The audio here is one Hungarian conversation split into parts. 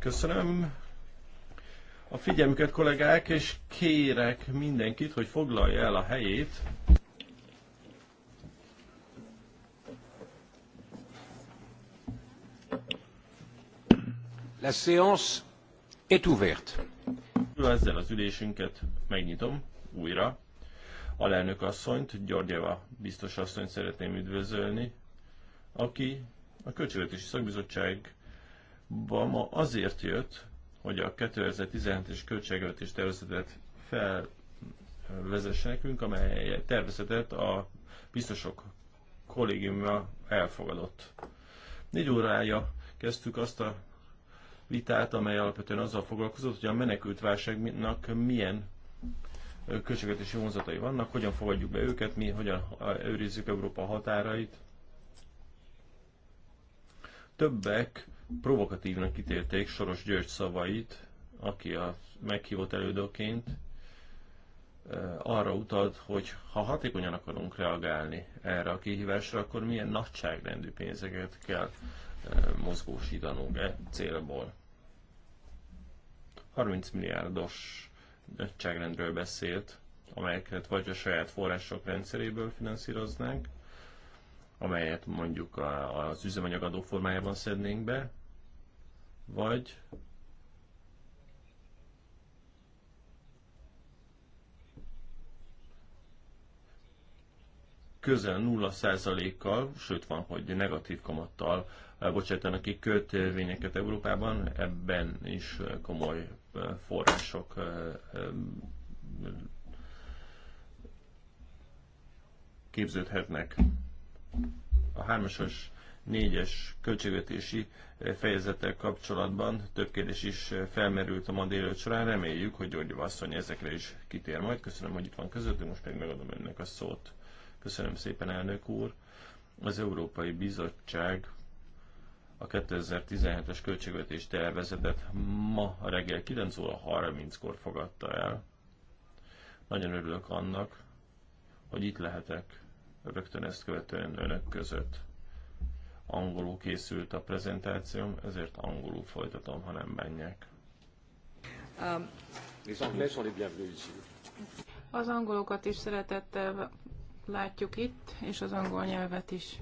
Köszönöm a figyelmüket kollégák, és kérek mindenkit, hogy foglalja el a helyét. La séance est ouverte. Ezzel az ülésünket megnyitom újra. Alelnök asszonyt, Györgyeva biztos asszonyt szeretném üdvözölni, aki a Költségvetési Szakbizottság Obama azért jött, hogy a 2017-es költségvetés tervezetet felvezesse nekünk, amely tervezetet a biztosok kollégiuma elfogadott. Négy órája kezdtük azt a vitát, amely alapvetően azzal foglalkozott, hogy a menekült válságnak milyen költségvetési vonzatai vannak, hogyan fogadjuk be őket, mi hogyan őrizzük Európa határait. Többek provokatívnak ítélték Soros György szavait, aki a meghívott elődöként arra utalt, hogy ha hatékonyan akarunk reagálni erre a kihívásra, akkor milyen nagyságrendű pénzeket kell mozgósítanunk e célból. 30 milliárdos nagyságrendről beszélt, amelyeket vagy a saját források rendszeréből finanszíroznánk, amelyet mondjuk az üzemanyagadó formájában szednénk be, vagy közel 0%-kal, sőt van, hogy negatív kamattal eh, bocsátanak ki kötvényeket Európában, ebben is eh, komoly eh, források képződhetnek. A hármasos négyes költségvetési eh, fejezettel kapcsolatban több kérdés is eh, felmerült a ma délőtt során. Reméljük, hogy Györgyeva Vasszony ezekre is kitér majd. Köszönöm, hogy itt van közöttünk, most pedig megadom önnek a szót. Köszönöm szépen, elnök úr. Az Európai Bizottság a 2017-es költségvetés tervezetet ma reggel 9 óra 30-kor fogadta el. Nagyon örülök annak, hogy itt lehetek rögtön ezt követően önök között angolul készült a prezentációm, ezért angolul folytatom, ha nem bánják. Um, az angolokat is szeretettel látjuk itt, és az angol nyelvet is.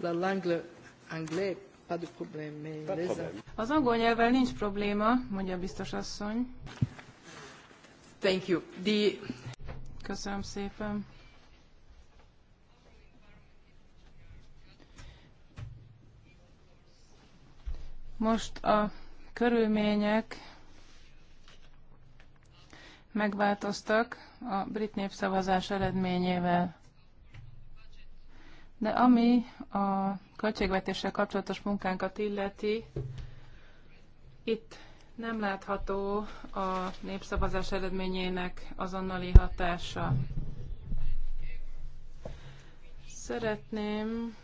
La langue anglais, pas de problème, mais Az angol nyelvvel nincs probléma, mondja a biztos asszony. Thank you. The... Köszönöm szépen. Most a körülmények megváltoztak a brit népszavazás eredményével. De ami a költségvetéssel kapcsolatos munkánkat illeti, itt nem látható a népszavazás eredményének azonnali hatása. Szeretném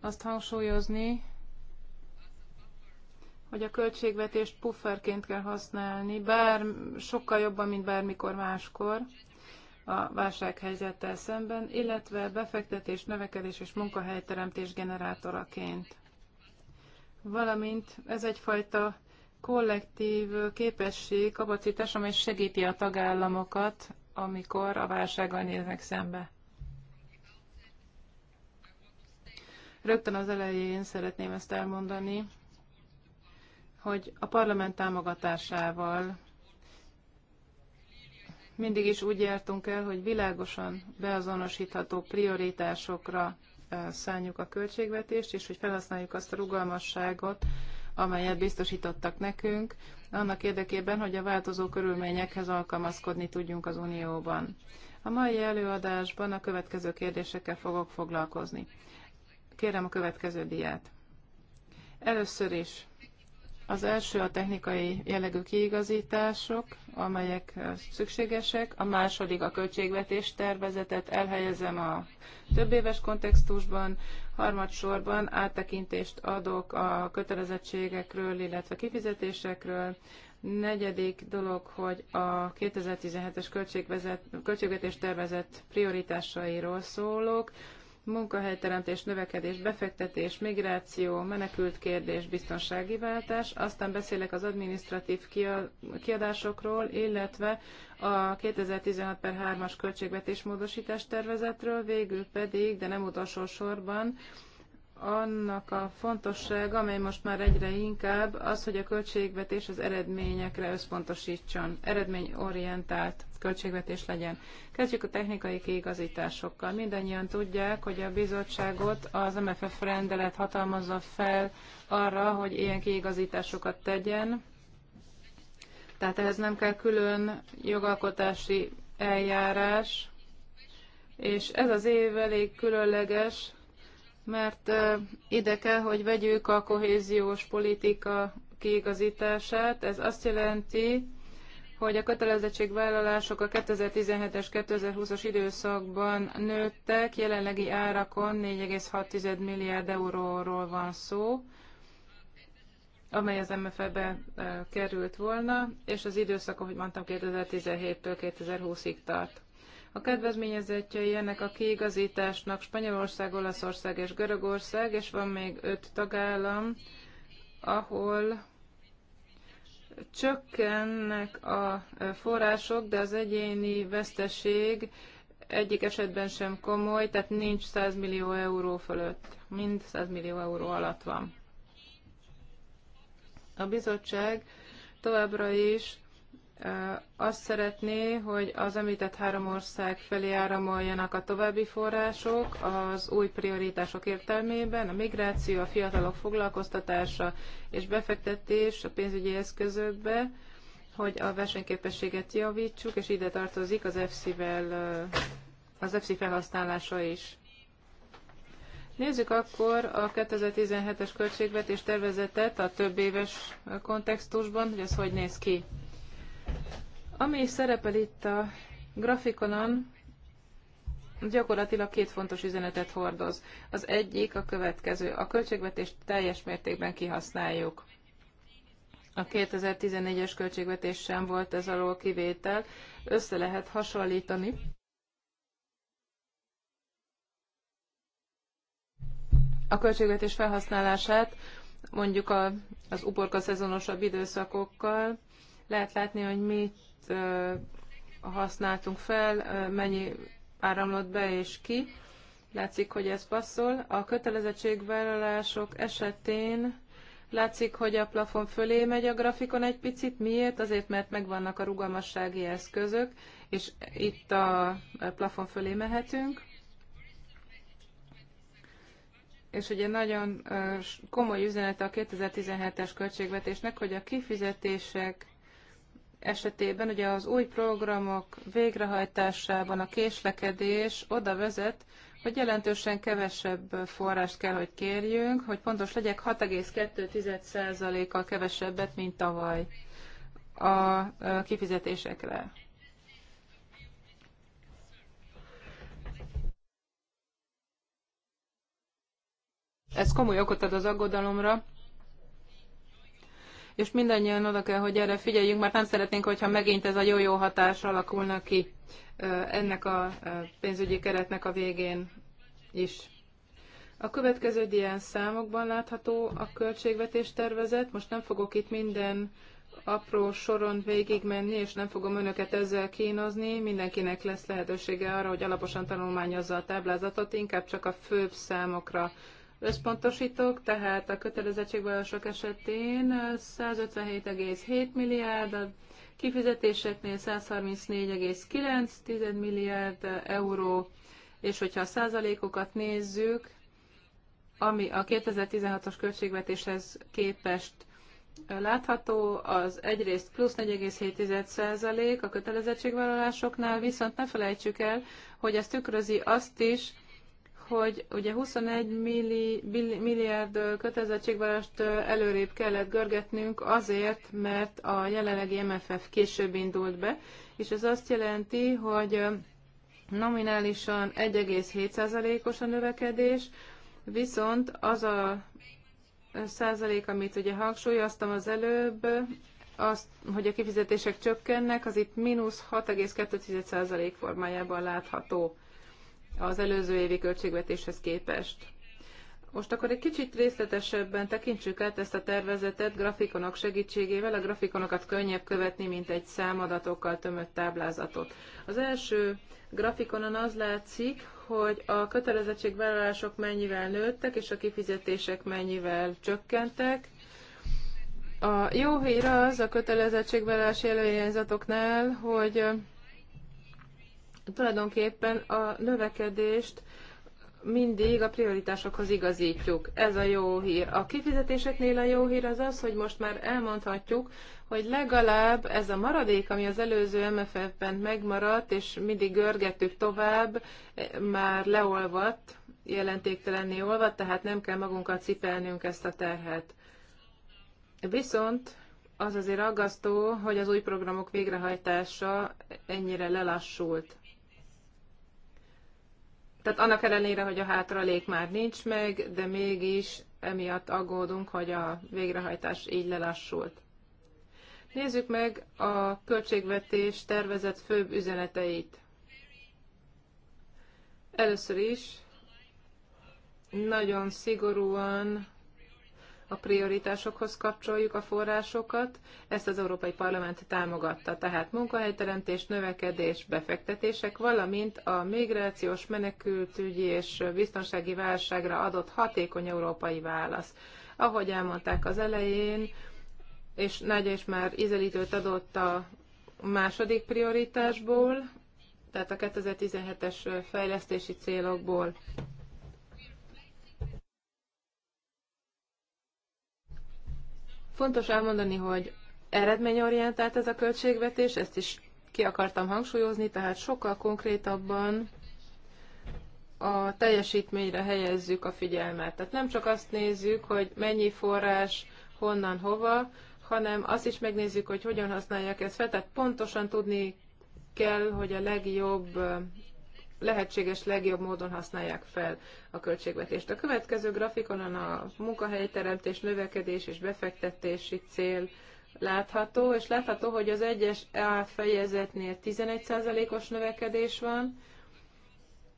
azt hangsúlyozni, hogy a költségvetést pufferként kell használni, bár sokkal jobban, mint bármikor máskor a válsághelyzettel szemben, illetve befektetés, növekedés és munkahelyteremtés generátoraként. Valamint ez egyfajta kollektív képesség, kapacitás, amely segíti a tagállamokat, amikor a válsággal néznek szembe. Rögtön az elején szeretném ezt elmondani, hogy a parlament támogatásával mindig is úgy jártunk el, hogy világosan beazonosítható prioritásokra szálljuk a költségvetést, és hogy felhasználjuk azt a rugalmasságot, amelyet biztosítottak nekünk, annak érdekében, hogy a változó körülményekhez alkalmazkodni tudjunk az Unióban. A mai előadásban a következő kérdésekkel fogok foglalkozni. Kérem a következő diát. Először is az első a technikai jellegű kiigazítások, amelyek szükségesek. A második a költségvetés tervezetet elhelyezem a több éves kontextusban. Harmadsorban áttekintést adok a kötelezettségekről, illetve kifizetésekről. Negyedik dolog, hogy a 2017-es költségvetés tervezet prioritásairól szólok munkahelyteremtés, növekedés, befektetés, migráció, menekült kérdés, biztonsági váltás, aztán beszélek az adminisztratív kiadásokról, illetve a 2016 per 3-as költségvetés módosítás tervezetről, végül pedig, de nem utolsó sorban, annak a fontosság, amely most már egyre inkább, az, hogy a költségvetés az eredményekre összpontosítson, eredményorientált költségvetés legyen. Kezdjük a technikai kiigazításokkal. Mindannyian tudják, hogy a bizottságot az MFF rendelet hatalmazza fel arra, hogy ilyen kiigazításokat tegyen. Tehát ehhez nem kell külön jogalkotási eljárás, és ez az év elég különleges, mert ide kell, hogy vegyük a kohéziós politika kiigazítását. Ez azt jelenti, hogy a kötelezettségvállalások a 2017-es 2020-as időszakban nőttek, jelenlegi árakon 4,6 milliárd euróról van szó, amely az MFE-be került volna, és az időszak, ahogy mondtam, 2017-től 2020-ig tart. A kedvezményezettjei ennek a kiigazításnak Spanyolország, Olaszország és Görögország, és van még öt tagállam, ahol csökkennek a e, források, de az egyéni veszteség egyik esetben sem komoly, tehát nincs 100 millió euró fölött, mind 100 millió euró alatt van. A bizottság továbbra is azt szeretné, hogy az említett három ország felé áramoljanak a további források az új prioritások értelmében, a migráció, a fiatalok foglalkoztatása és befektetés a pénzügyi eszközökbe, hogy a versenyképességet javítsuk, és ide tartozik az EFSI-vel, az EFSI felhasználása is. Nézzük akkor a 2017-es költségvetés tervezetet a több éves kontextusban, hogy ez hogy néz ki. Ami szerepel itt a grafikonon, gyakorlatilag két fontos üzenetet hordoz. Az egyik a következő. A költségvetést teljes mértékben kihasználjuk. A 2014-es költségvetés sem volt ez alól kivétel. Össze lehet hasonlítani. A költségvetés felhasználását mondjuk a, az uborka szezonosabb időszakokkal lehet látni, hogy mi használtunk fel, mennyi áramlott be és ki. Látszik, hogy ez passzol. A kötelezettségvállalások esetén látszik, hogy a plafon fölé megy a grafikon egy picit. Miért? Azért, mert megvannak a rugalmassági eszközök, és itt a plafon fölé mehetünk. És ugye nagyon komoly üzenete a 2017-es költségvetésnek, hogy a kifizetések esetében ugye az új programok végrehajtásában a késlekedés oda vezet, hogy jelentősen kevesebb forrást kell, hogy kérjünk, hogy pontos legyek, 6,2%-kal kevesebbet, mint tavaly a kifizetésekre. Ez komoly okot ad az aggodalomra, és mindannyian oda kell, hogy erre figyeljünk, mert nem szeretnénk, hogyha megint ez a jó-jó hatás alakulna ki ennek a pénzügyi keretnek a végén is. A következő ilyen számokban látható a költségvetés tervezet. Most nem fogok itt minden apró soron végigmenni, és nem fogom önöket ezzel kínozni. Mindenkinek lesz lehetősége arra, hogy alaposan tanulmányozza a táblázatot, inkább csak a főbb számokra összpontosítok, tehát a kötelezettségvállalások esetén 157,7 milliárd, a kifizetéseknél 134,9 milliárd euró, és hogyha a százalékokat nézzük, ami a 2016-os költségvetéshez képest látható, az egyrészt plusz 4,7% a kötelezettségvállalásoknál, viszont ne felejtsük el, hogy ez tükrözi azt is, hogy ugye 21 milli, milliárd kötelezettségvárást előrébb kellett görgetnünk azért, mert a jelenlegi MFF később indult be, és ez azt jelenti, hogy nominálisan 1,7%-os a növekedés, viszont az a százalék, amit ugye hangsúlyoztam az előbb, azt, hogy a kifizetések csökkennek, az itt mínusz 6,2% formájában látható az előző évi költségvetéshez képest. Most akkor egy kicsit részletesebben tekintsük át ezt a tervezetet grafikonok segítségével. A grafikonokat könnyebb követni, mint egy számadatokkal tömött táblázatot. Az első grafikonon az látszik, hogy a kötelezettségvállalások mennyivel nőttek, és a kifizetések mennyivel csökkentek. A jó hír az a kötelezettségvállalási előirányzatoknál, hogy tulajdonképpen a növekedést mindig a prioritásokhoz igazítjuk. Ez a jó hír. A kifizetéseknél a jó hír az az, hogy most már elmondhatjuk, hogy legalább ez a maradék, ami az előző MFF-ben megmaradt, és mindig görgettük tovább, már leolvadt, jelentéktelenné olvadt, tehát nem kell magunkat cipelnünk ezt a terhet. Viszont az azért aggasztó, hogy az új programok végrehajtása ennyire lelassult tehát annak ellenére, hogy a hátralék már nincs meg, de mégis emiatt aggódunk, hogy a végrehajtás így lelassult. Nézzük meg a költségvetés tervezett főbb üzeneteit. Először is nagyon szigorúan a prioritásokhoz kapcsoljuk a forrásokat, ezt az Európai Parlament támogatta, tehát munkahelyteremtés, növekedés, befektetések, valamint a migrációs, menekültügyi és biztonsági válságra adott hatékony európai válasz. Ahogy elmondták az elején, és Nagy is már ízelítőt adott a második prioritásból, tehát a 2017-es fejlesztési célokból. Fontos elmondani, hogy eredményorientált ez a költségvetés, ezt is ki akartam hangsúlyozni, tehát sokkal konkrétabban a teljesítményre helyezzük a figyelmet. Tehát nem csak azt nézzük, hogy mennyi forrás, honnan, hova, hanem azt is megnézzük, hogy hogyan használják ezt fel. Tehát pontosan tudni kell, hogy a legjobb lehetséges legjobb módon használják fel a költségvetést. A következő grafikonon a munkahelyteremtés, növekedés és befektetési cél látható, és látható, hogy az egyes A fejezetnél 11%-os növekedés van,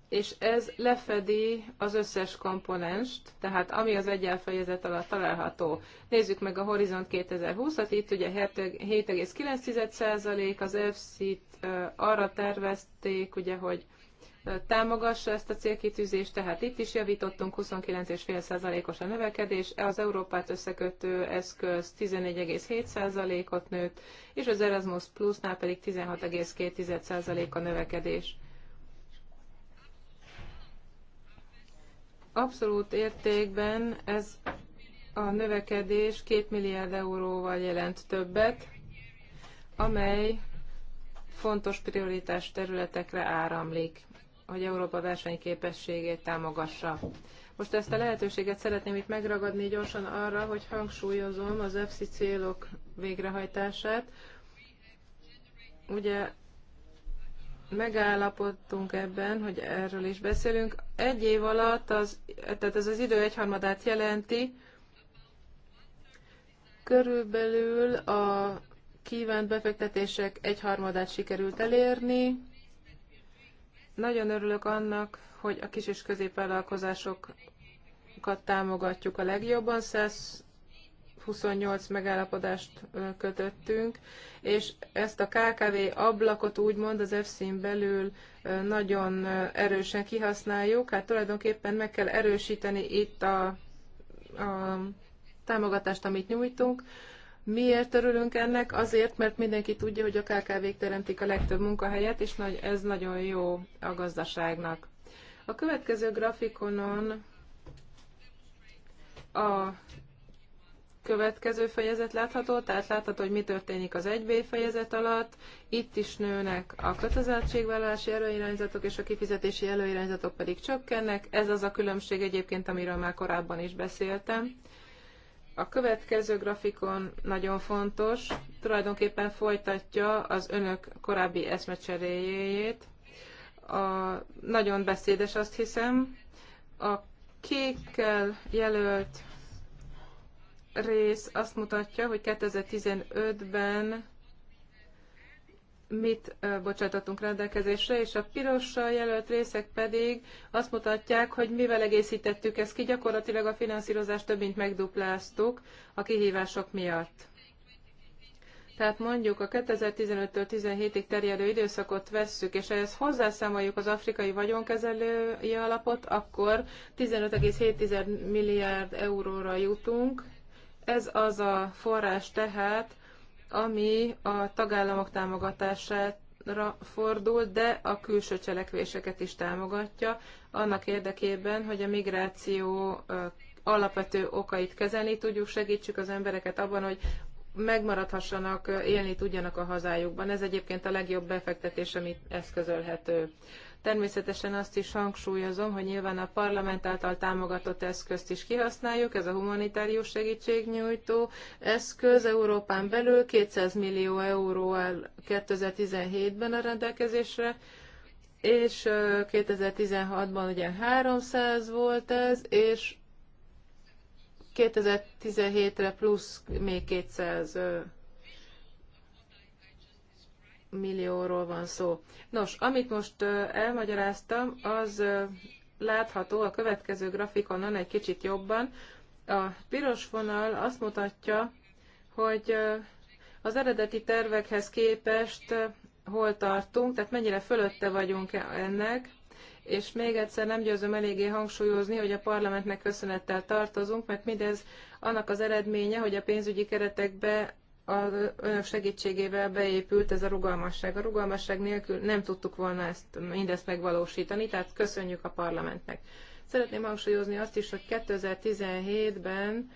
és ez lefedi az összes komponenst, tehát ami az egy fejezet alatt található. Nézzük meg a Horizont 2020-at, itt ugye 7,9% az EFSZ-t arra tervezték, ugye, hogy támogassa ezt a célkitűzést, tehát itt is javítottunk 29,5%-os a növekedés, az Európát összekötő eszköz 14,7%-ot nőtt, és az Erasmus Plusnál pedig 16,2% a növekedés. Abszolút értékben ez a növekedés 2 milliárd euróval jelent többet, amely fontos prioritás területekre áramlik hogy Európa versenyképességét támogassa. Most ezt a lehetőséget szeretném itt megragadni gyorsan arra, hogy hangsúlyozom az EFSI célok végrehajtását. Ugye megállapodtunk ebben, hogy erről is beszélünk. Egy év alatt, az, tehát ez az idő egyharmadát jelenti, körülbelül a kívánt befektetések egyharmadát sikerült elérni, nagyon örülök annak, hogy a kis és középvállalkozásokat támogatjuk a legjobban. 128 megállapodást kötöttünk, és ezt a KKV ablakot úgymond az EFSZ-n belül nagyon erősen kihasználjuk. Hát tulajdonképpen meg kell erősíteni itt a, a támogatást, amit nyújtunk Miért örülünk ennek? Azért, mert mindenki tudja, hogy a KKV-k teremtik a legtöbb munkahelyet, és ez nagyon jó a gazdaságnak. A következő grafikonon a következő fejezet látható, tehát látható, hogy mi történik az 1B fejezet alatt. Itt is nőnek a kötelezettségvállalási előirányzatok, és a kifizetési előirányzatok pedig csökkennek. Ez az a különbség egyébként, amiről már korábban is beszéltem. A következő grafikon nagyon fontos, tulajdonképpen folytatja az önök korábbi eszmecseréjét. A, nagyon beszédes, azt hiszem. A kékkel jelölt rész azt mutatja, hogy 2015-ben mit bocsátottunk rendelkezésre, és a pirossal jelölt részek pedig azt mutatják, hogy mivel egészítettük ezt ki, gyakorlatilag a finanszírozást több mint megdupláztuk a kihívások miatt. Tehát mondjuk a 2015-től 17-ig terjedő időszakot vesszük, és ehhez hozzászámoljuk az afrikai vagyonkezelői alapot, akkor 15,7 milliárd euróra jutunk. Ez az a forrás tehát, ami a tagállamok támogatását fordul, de a külső cselekvéseket is támogatja, annak érdekében, hogy a migráció alapvető okait kezelni tudjuk, segítsük az embereket abban, hogy megmaradhassanak, élni tudjanak a hazájukban. Ez egyébként a legjobb befektetés, amit eszközölhető. Természetesen azt is hangsúlyozom, hogy nyilván a parlament által támogatott eszközt is kihasználjuk, ez a humanitárius segítségnyújtó eszköz Európán belül 200 millió euró áll 2017-ben a rendelkezésre, és 2016-ban ugye 300 volt ez, és 2017-re plusz még 200 millióról van szó. Nos, amit most elmagyaráztam, az látható a következő grafikonon egy kicsit jobban. A piros vonal azt mutatja, hogy az eredeti tervekhez képest hol tartunk, tehát mennyire fölötte vagyunk -e ennek, és még egyszer nem győzöm eléggé hangsúlyozni, hogy a parlamentnek köszönettel tartozunk, mert mindez annak az eredménye, hogy a pénzügyi keretekbe az önök segítségével beépült ez a rugalmasság. A rugalmasság nélkül nem tudtuk volna ezt, mindezt megvalósítani, tehát köszönjük a parlamentnek. Szeretném hangsúlyozni azt is, hogy 2017-ben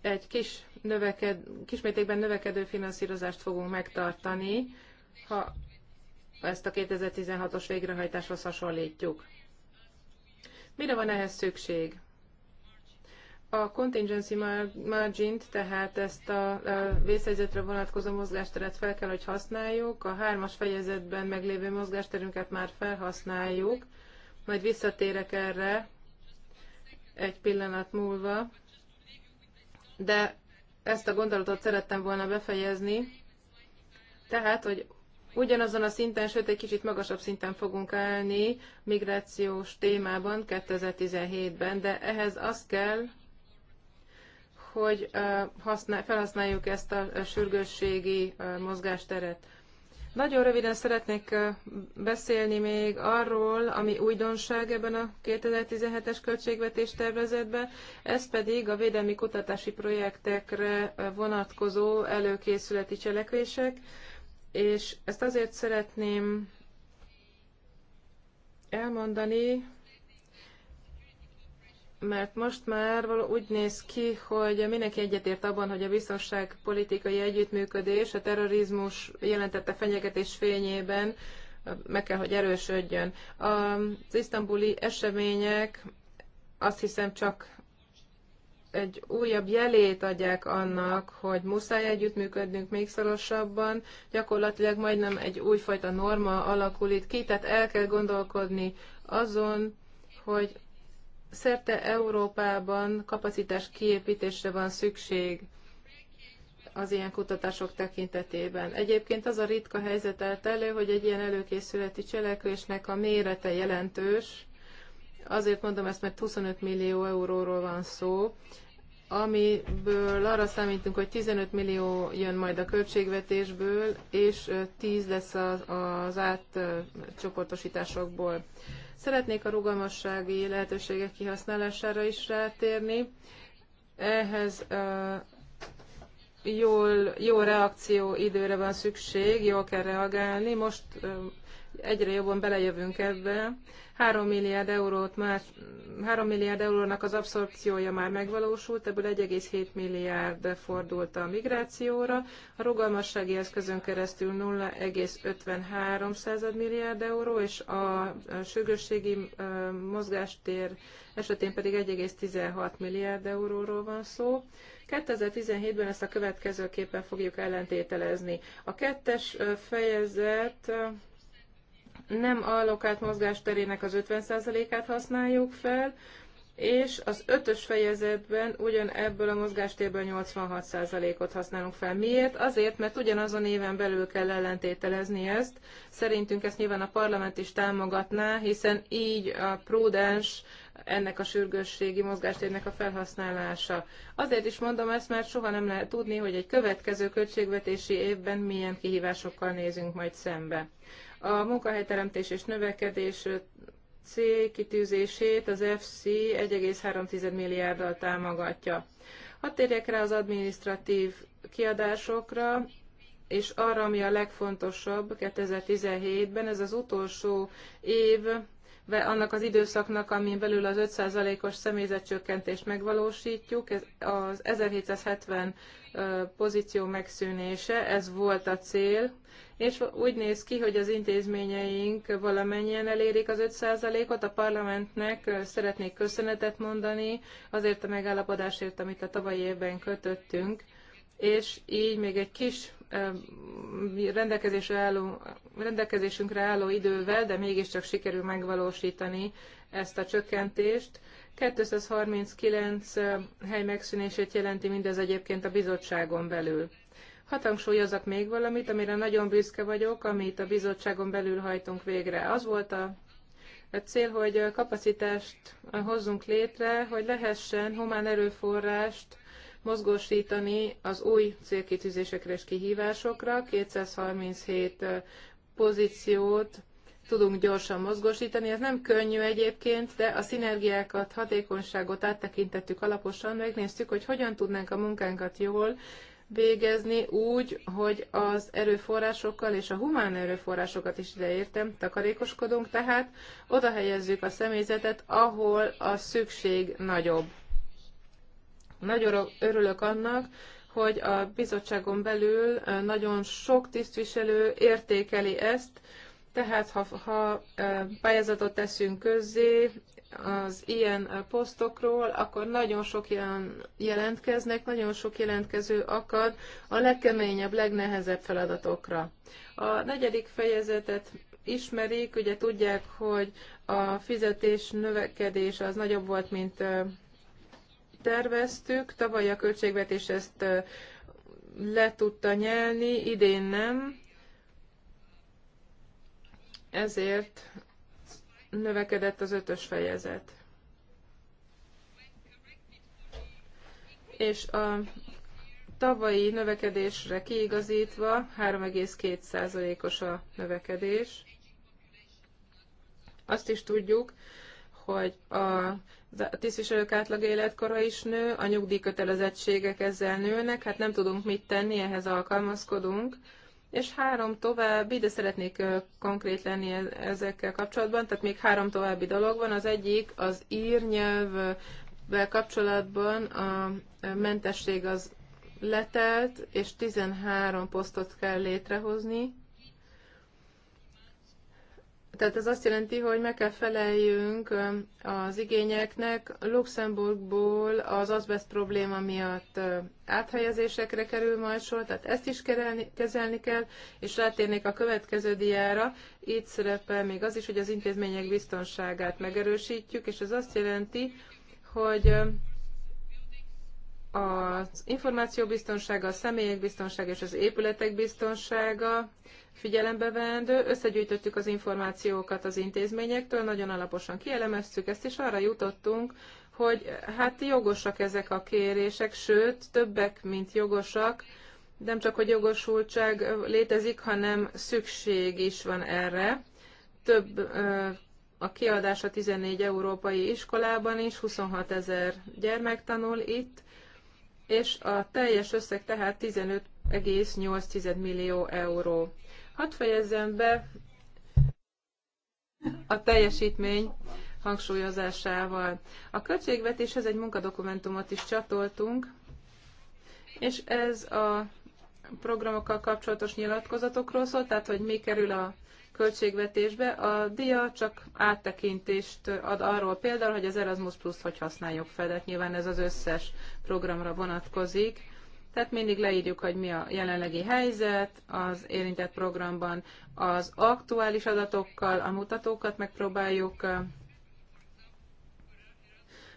egy kis növeked, kismértékben növekedő finanszírozást fogunk megtartani, ha ezt a 2016-os végrehajtáshoz hasonlítjuk. Mire van ehhez szükség? A contingency margin tehát ezt a vészhelyzetre vonatkozó mozgásteret fel kell, hogy használjuk. A hármas fejezetben meglévő mozgásterünket már felhasználjuk, majd visszatérek erre egy pillanat múlva. De ezt a gondolatot szerettem volna befejezni, tehát, hogy ugyanazon a szinten, sőt egy kicsit magasabb szinten fogunk állni migrációs témában 2017-ben, de ehhez az kell, hogy felhasználjuk ezt a sürgősségi mozgásteret. Nagyon röviden szeretnék beszélni még arról, ami újdonság ebben a 2017-es költségvetés tervezetben, ez pedig a védelmi kutatási projektekre vonatkozó előkészületi cselekvések, és ezt azért szeretném elmondani, mert most már való úgy néz ki, hogy mindenki egyetért abban, hogy a biztonságpolitikai együttműködés a terrorizmus jelentette fenyegetés fényében meg kell, hogy erősödjön. Az isztambuli események azt hiszem csak egy újabb jelét adják annak, hogy muszáj együttműködnünk még szorosabban, gyakorlatilag majdnem egy újfajta norma alakul itt ki, tehát el kell gondolkodni azon, hogy szerte Európában kapacitás kiépítésre van szükség az ilyen kutatások tekintetében. Egyébként az a ritka helyzet állt elő, hogy egy ilyen előkészületi cselekvésnek a mérete jelentős, azért mondom ezt, mert 25 millió euróról van szó, amiből arra számítunk, hogy 15 millió jön majd a költségvetésből, és 10 lesz az, az átcsoportosításokból. Szeretnék a rugalmassági lehetőségek kihasználására is rátérni. Ehhez jól, jó reakció időre van szükség, jól kell reagálni. Most egyre jobban belejövünk ebbe. 3 milliárd, eurót már 3 milliárd eurónak az abszorpciója már megvalósult, ebből 1,7 milliárd fordult a migrációra, a rugalmassági eszközön keresztül 0,53 milliárd euró, és a sürgősségi mozgástér esetén pedig 1,16 milliárd euróról van szó. 2017-ben ezt a következőképpen fogjuk ellentételezni. A kettes fejezet nem allokált terének az 50%-át használjuk fel, és az ötös fejezetben ugyan ebből a mozgástérből 86%-ot használunk fel. Miért? Azért, mert ugyanazon éven belül kell ellentételezni ezt. Szerintünk ezt nyilván a parlament is támogatná, hiszen így a prudens ennek a sürgősségi mozgástérnek a felhasználása. Azért is mondom ezt, mert soha nem lehet tudni, hogy egy következő költségvetési évben milyen kihívásokkal nézünk majd szembe. A munkahelyteremtés és növekedés célkitűzését az FC 1,3 milliárddal támogatja. Hadd térjek rá az adminisztratív kiadásokra, és arra, ami a legfontosabb 2017-ben, ez az utolsó év annak az időszaknak, amin belül az 5%-os személyzetcsökkentést megvalósítjuk, ez az 1770 pozíció megszűnése, ez volt a cél, és úgy néz ki, hogy az intézményeink valamennyien elérik az 5%-ot. A parlamentnek szeretnék köszönetet mondani azért a megállapodásért, amit a tavalyi évben kötöttünk, és így még egy kis rendelkezésre álló, rendelkezésünkre álló idővel, de mégiscsak sikerül megvalósítani ezt a csökkentést. 239 hely megszűnését jelenti mindez egyébként a bizottságon belül. Hatangsúlyozok még valamit, amire nagyon büszke vagyok, amit a bizottságon belül hajtunk végre. Az volt a a cél, hogy kapacitást hozzunk létre, hogy lehessen humán erőforrást mozgósítani az új célkitűzésekre és kihívásokra. 237 pozíciót tudunk gyorsan mozgósítani. Ez nem könnyű egyébként, de a szinergiákat, hatékonyságot áttekintettük alaposan, megnéztük, hogy hogyan tudnánk a munkánkat jól végezni úgy, hogy az erőforrásokkal és a humán erőforrásokat is ideértem, takarékoskodunk tehát, oda helyezzük a személyzetet, ahol a szükség nagyobb. Nagyon örülök annak, hogy a bizottságon belül nagyon sok tisztviselő értékeli ezt, tehát ha, ha pályázatot teszünk közzé az ilyen posztokról, akkor nagyon sok ilyen jelentkeznek, nagyon sok jelentkező akad a legkeményebb, legnehezebb feladatokra. A negyedik fejezetet ismerik, ugye tudják, hogy a fizetés növekedés az nagyobb volt, mint terveztük, tavaly a költségvetés ezt le tudta nyelni, idén nem, ezért növekedett az ötös fejezet. És a tavalyi növekedésre kiigazítva 3,2%-os a növekedés. Azt is tudjuk, hogy a a tisztviselők átlag életkora is nő, a nyugdíjkötelezettségek ezzel nőnek, hát nem tudunk mit tenni, ehhez alkalmazkodunk. És három további, de szeretnék konkrét lenni e-, ezekkel kapcsolatban, tehát még három további dolog van. Az egyik az írnyelvvel kapcsolatban a mentesség az letelt, és 13 posztot kell létrehozni, tehát ez azt jelenti, hogy meg kell feleljünk az igényeknek. Luxemburgból az azbest probléma miatt áthelyezésekre kerül majd sor, tehát ezt is kezelni kell, és rátérnék a következő diára. Itt szerepel még az is, hogy az intézmények biztonságát megerősítjük, és ez azt jelenti, hogy az információ biztonsága, a személyek biztonsága és az épületek biztonsága figyelembe veendő, Összegyűjtöttük az információkat az intézményektől, nagyon alaposan kielemeztük ezt, és arra jutottunk, hogy hát jogosak ezek a kérések, sőt, többek, mint jogosak, nem csak, hogy jogosultság létezik, hanem szükség is van erre. Több a kiadása 14 európai iskolában is, 26 ezer gyermek tanul itt, és a teljes összeg tehát 15,8 millió euró. Hadd fejezzem be a teljesítmény hangsúlyozásával. A költségvetéshez egy munkadokumentumot is csatoltunk, és ez a programokkal kapcsolatos nyilatkozatokról szól, tehát hogy mi kerül a költségvetésbe. A dia csak áttekintést ad arról például, hogy az Erasmus Plus-t hogy használjuk fel, tehát nyilván ez az összes programra vonatkozik tehát mindig leírjuk, hogy mi a jelenlegi helyzet az érintett programban. Az aktuális adatokkal a mutatókat megpróbáljuk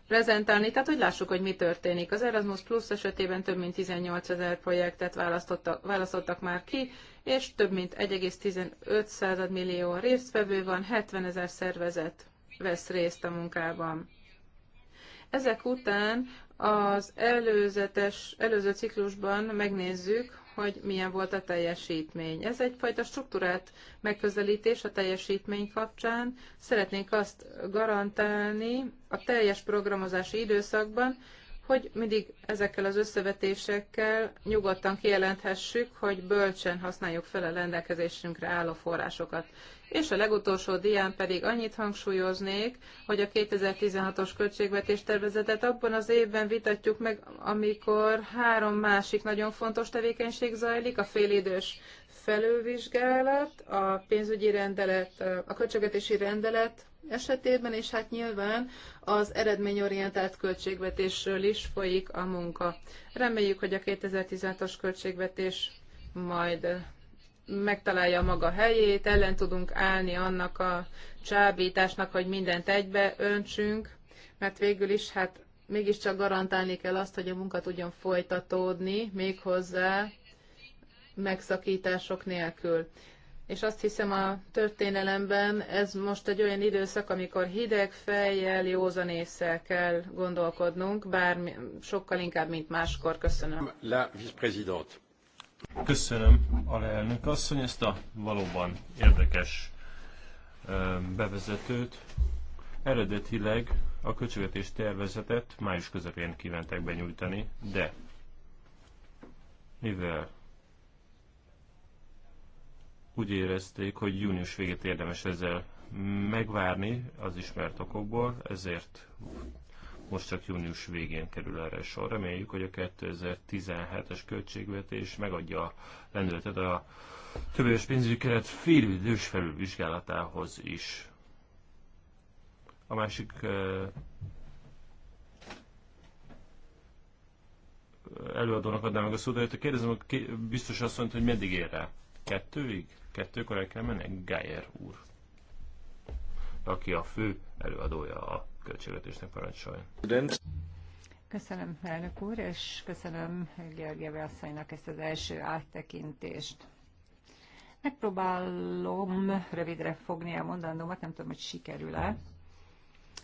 prezentálni, tehát hogy lássuk, hogy mi történik. Az Erasmus Plus esetében több mint 18 ezer projektet választottak, választottak már ki, és több mint 1,15 millió résztvevő van, 70 ezer szervezet vesz részt a munkában. Ezek után az előzetes, előző ciklusban megnézzük, hogy milyen volt a teljesítmény. Ez egyfajta struktúrát megközelítés a teljesítmény kapcsán. Szeretnénk azt garantálni a teljes programozási időszakban, hogy mindig ezekkel az összevetésekkel nyugodtan kijelenthessük, hogy bölcsen használjuk fel a rendelkezésünkre álló forrásokat. És a legutolsó dián pedig annyit hangsúlyoznék, hogy a 2016-os költségvetés tervezetet abban az évben vitatjuk meg, amikor három másik nagyon fontos tevékenység zajlik, a félidős felülvizsgálat, a pénzügyi rendelet, a költségvetési rendelet esetében, és hát nyilván az eredményorientált költségvetésről is folyik a munka. Reméljük, hogy a 2016-os költségvetés majd megtalálja maga helyét, ellen tudunk állni annak a csábításnak, hogy mindent egybe öntsünk, mert végül is hát mégiscsak garantálni kell azt, hogy a munka tudjon folytatódni, méghozzá megszakítások nélkül és azt hiszem a történelemben ez most egy olyan időszak, amikor hideg fejjel, józan észsel kell gondolkodnunk, bár sokkal inkább, mint máskor. Köszönöm. La vice-présidente. Köszönöm, alelnök asszony, ezt a valóban érdekes bevezetőt. Eredetileg a költségvetés tervezetet május közepén kívánták benyújtani, de mivel úgy érezték, hogy június végét érdemes ezzel megvárni az ismert okokból, ezért most csak június végén kerül erre sor. Reméljük, hogy a 2017-es költségvetés megadja a lendületet a többéves pénzügyi keret félidős felülvizsgálatához is. A másik előadónak adnám meg a szót, de kérdezem hogy biztos azt mondta, hogy meddig ér rá? Kettőig? Kettőkor el kell menni? Geyer úr, aki a fő előadója a költségvetésnek parancsolja. Köszönöm, elnök úr, és köszönöm Georgieve asszonynak ezt az első áttekintést. Megpróbálom rövidre fogni a mondandómat, nem tudom, hogy sikerül-e.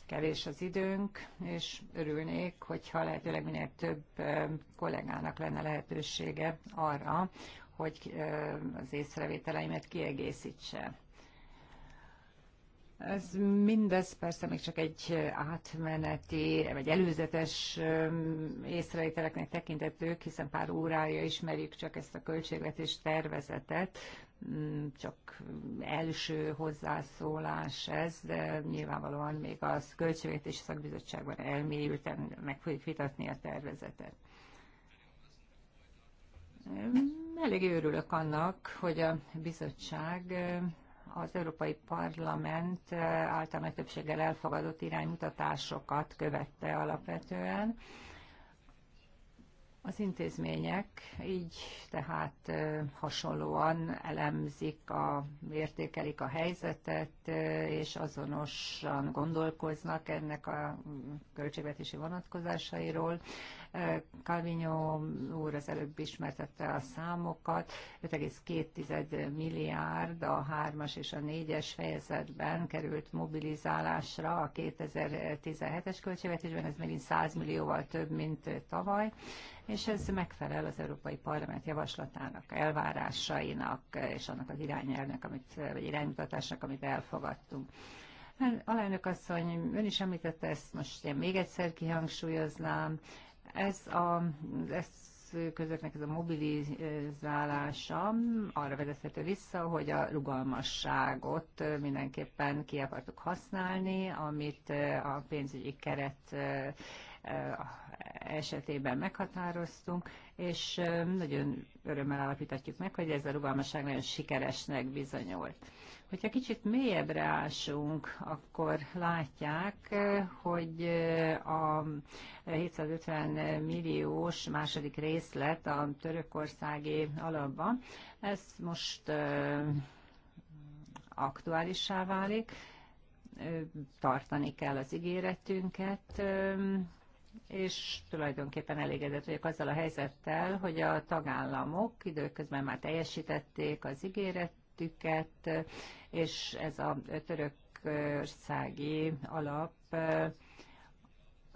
Kevés az időnk, és örülnék, hogyha lehetőleg minél több eh, kollégának lenne lehetősége arra, hogy az észrevételeimet kiegészítse. Ez mindez persze még csak egy átmeneti, vagy előzetes észrevételeknek tekintetők, hiszen pár órája ismerjük csak ezt a költségvetés tervezetet, mm, csak első hozzászólás ez, de nyilvánvalóan még az költségvetés szakbizottságban elmélyülten meg fogjuk vitatni a tervezetet. Elég örülök annak, hogy a bizottság az Európai Parlament által nagy többséggel elfogadott iránymutatásokat követte alapvetően. Az intézmények így tehát hasonlóan elemzik, a, értékelik a helyzetet, és azonosan gondolkoznak ennek a költségvetési vonatkozásairól. Calvino úr az előbb ismertette a számokat, 5,2 milliárd a hármas és a négyes fejezetben került mobilizálásra a 2017-es költségvetésben, ez megint 100 millióval több, mint tavaly, és ez megfelel az Európai Parlament javaslatának, elvárásainak és annak az irányelvnek, amit, vagy iránymutatásnak, amit elfogadtunk. Alelnök asszony, ön is említette ezt, most én még egyszer kihangsúlyoznám, ez a, ez közöknek ez a mobilizálása arra vezethető vissza, hogy a rugalmasságot mindenképpen ki akartuk használni, amit a pénzügyi keret esetében meghatároztunk, és nagyon örömmel állapítatjuk meg, hogy ez a rugalmasság nagyon sikeresnek bizonyult. Hogyha kicsit mélyebbre ásunk, akkor látják, hogy a 750 milliós második részlet a törökországi alapban, ez most aktuálissá válik, tartani kell az ígéretünket, és tulajdonképpen elégedett vagyok azzal a helyzettel, hogy a tagállamok időközben már teljesítették az ígéret szervezetüket, és ez a törökországi alap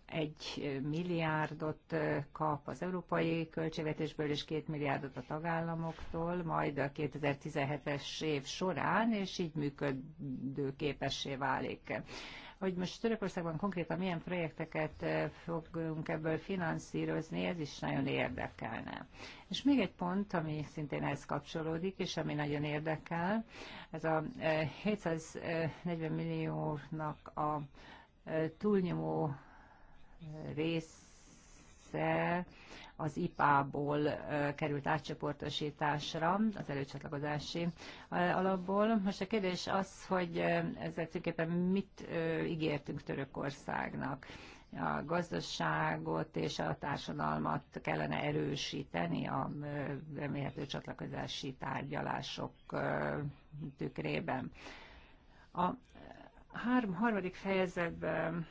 egy milliárdot kap az európai költségvetésből, és két milliárdot a tagállamoktól, majd a 2017-es év során, és így működőképessé válik. Hogy most Törökországban konkrétan milyen projekteket eh, fogunk ebből finanszírozni, ez is nagyon érdekelne. És még egy pont, ami szintén ehhez kapcsolódik, és ami nagyon érdekel, ez a 740 eh, eh, milliónak a túlnyomó része, az IPA-ból került átcsoportosításra, az előcsatlakozási alapból. Most a kérdés az, hogy ezzel tulajdonképpen mit ígértünk Törökországnak a gazdaságot és a társadalmat kellene erősíteni a remélhető csatlakozási tárgyalások tükrében. A harmadik fejezetben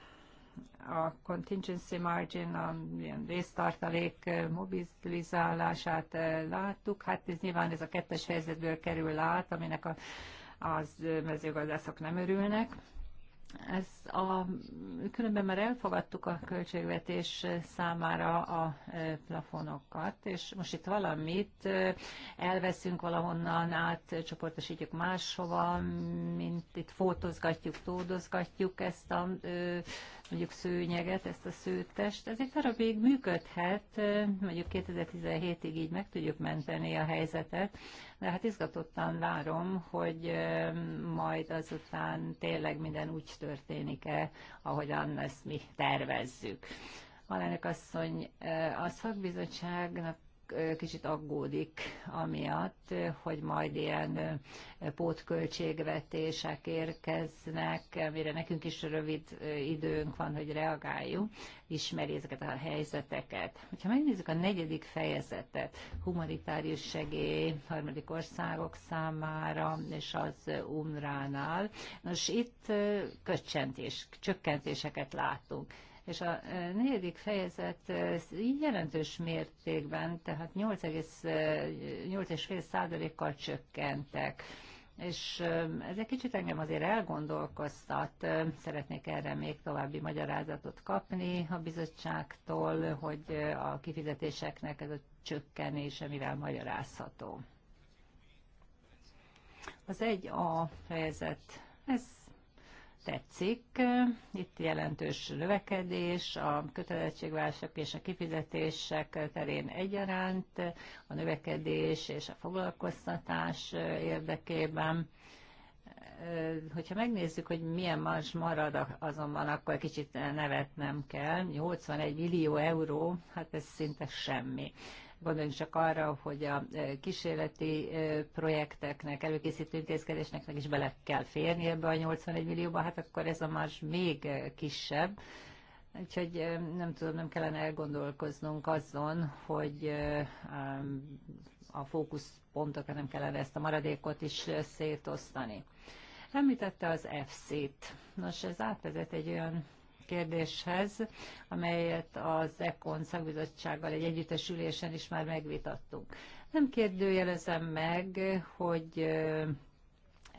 a contingency margin, a résztartalék mobilizálását eh, láttuk. Hát ez nyilván ez a kettes helyzetből kerül át, aminek a, az mezőgazdászok nem örülnek. Ez a, különben már elfogadtuk a költségvetés számára a eh, plafonokat, és most itt valamit eh, elveszünk valahonnan át, csoportosítjuk máshova, mint itt fótozgatjuk, tódozgatjuk ezt a mondjuk szőnyeget, ezt a szőttest, ez egy darabig működhet, mondjuk 2017-ig így meg tudjuk menteni a helyzetet, de hát izgatottan várom, hogy majd azután tényleg minden úgy történik-e, ahogyan ezt mi tervezzük. Alelnök asszony, a szakbizottságnak kicsit aggódik amiatt, hogy majd ilyen pótköltségvetések érkeznek, amire nekünk is rövid időnk van, hogy reagáljunk, ismeri ezeket a helyzeteket. Ha megnézzük a negyedik fejezetet, humanitárius segély harmadik országok számára és az UNRWA-nál, nos itt köccentés, csökkentéseket látunk és a negyedik fejezet jelentős mértékben, tehát 8,5 százalékkal csökkentek és ez egy kicsit engem azért elgondolkoztat, szeretnék erre még további magyarázatot kapni a bizottságtól, hogy a kifizetéseknek ez a csökkenése mivel magyarázható. Az egy a fejezet, ez tetszik. Itt jelentős növekedés, a kötelezettségválság és a kifizetések terén egyaránt, a növekedés és a foglalkoztatás érdekében hogyha megnézzük, hogy milyen más marad, azonban akkor kicsit nevetnem kell. 81 millió euró, hát ez szinte semmi gondoljunk csak arra, hogy a e, kísérleti e, projekteknek, előkészítő intézkedéseknek is bele kell férni ebbe a 81 millióba, hát akkor ez a más még e, kisebb. Úgyhogy nem tudom, nem kellene elgondolkoznunk azon, hogy a fókuszpontokra nem kellene ezt a maradékot is szétosztani. Említette az FC-t. Nos, ez átvezet egy olyan kérdéshez, amelyet az ECON szakbizottsággal egy együttesülésen is már megvitattunk. Nem kérdőjelezem meg, hogy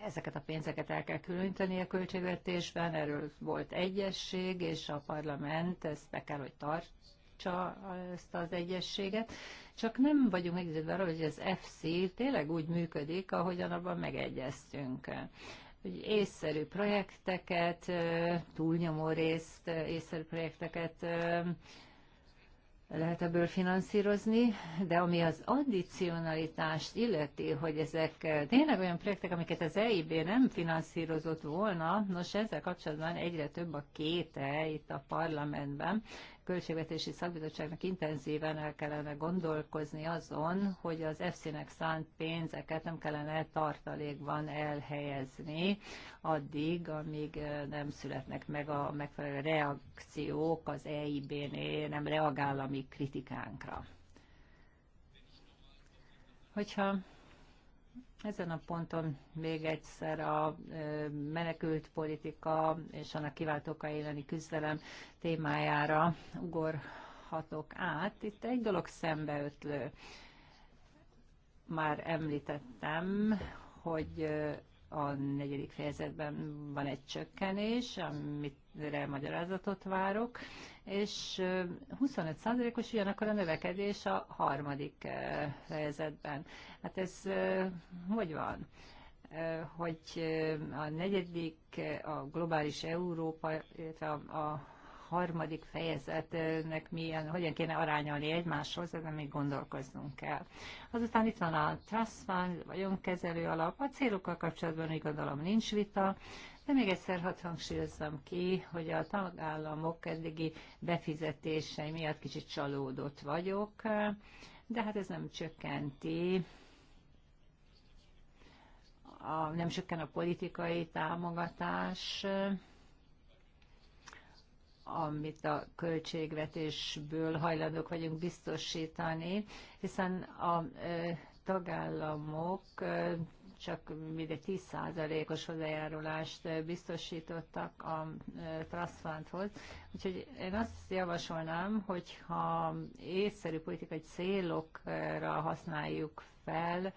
ezeket a pénzeket el kell különíteni a költségvetésben, erről volt egyesség, és a parlament ezt be kell, hogy tart, tartsa ezt az egyességet, csak nem vagyunk meggyőződve arra, hogy az FC tényleg úgy működik, ahogyan abban megegyeztünk hogy észszerű projekteket, túlnyomó részt észszerű projekteket lehet ebből finanszírozni, de ami az addicionalitást illeti, hogy ezek tényleg olyan projektek, amiket az EIB nem finanszírozott volna, nos ezzel kapcsolatban egyre több a kéte itt a parlamentben, költségvetési szakbizottságnak intenzíven el kellene gondolkozni azon, hogy az EFSZ-nek szánt pénzeket nem kellene tartalékban elhelyezni addig, amíg nem születnek meg a megfelelő reakciók az EIB-nél, nem reagál a mi kritikánkra. Hogyha ezen a ponton még egyszer a menekült politika és annak kiváltóka elleni küzdelem témájára ugorhatok át. Itt egy dolog szembeötlő. Már említettem, hogy a negyedik fejezetben van egy csökkenés, amire magyarázatot várok, és 25 százalékos ugyanakkor a növekedés a harmadik fejezetben. Hát ez hogy van? Hogy a negyedik, a globális Európa, illetve a harmadik fejezetnek milyen, hogyan kéne arányolni egymáshoz, ezen még gondolkoznunk kell. Azután itt van a trust fund, kezelő alap, a célokkal kapcsolatban úgy gondolom nincs vita, de még egyszer hadd hangsúlyozzam ki, hogy a tagállamok eddigi befizetései miatt kicsit csalódott vagyok, de hát ez nem csökkenti a, nem csökken a politikai támogatás, amit a költségvetésből hajlandók vagyunk biztosítani, hiszen a tagállamok csak mindegy 10%-os hozzájárulást biztosítottak a e, Trust Úgyhogy én azt javasolnám, hogyha észszerű politikai célokra használjuk fel,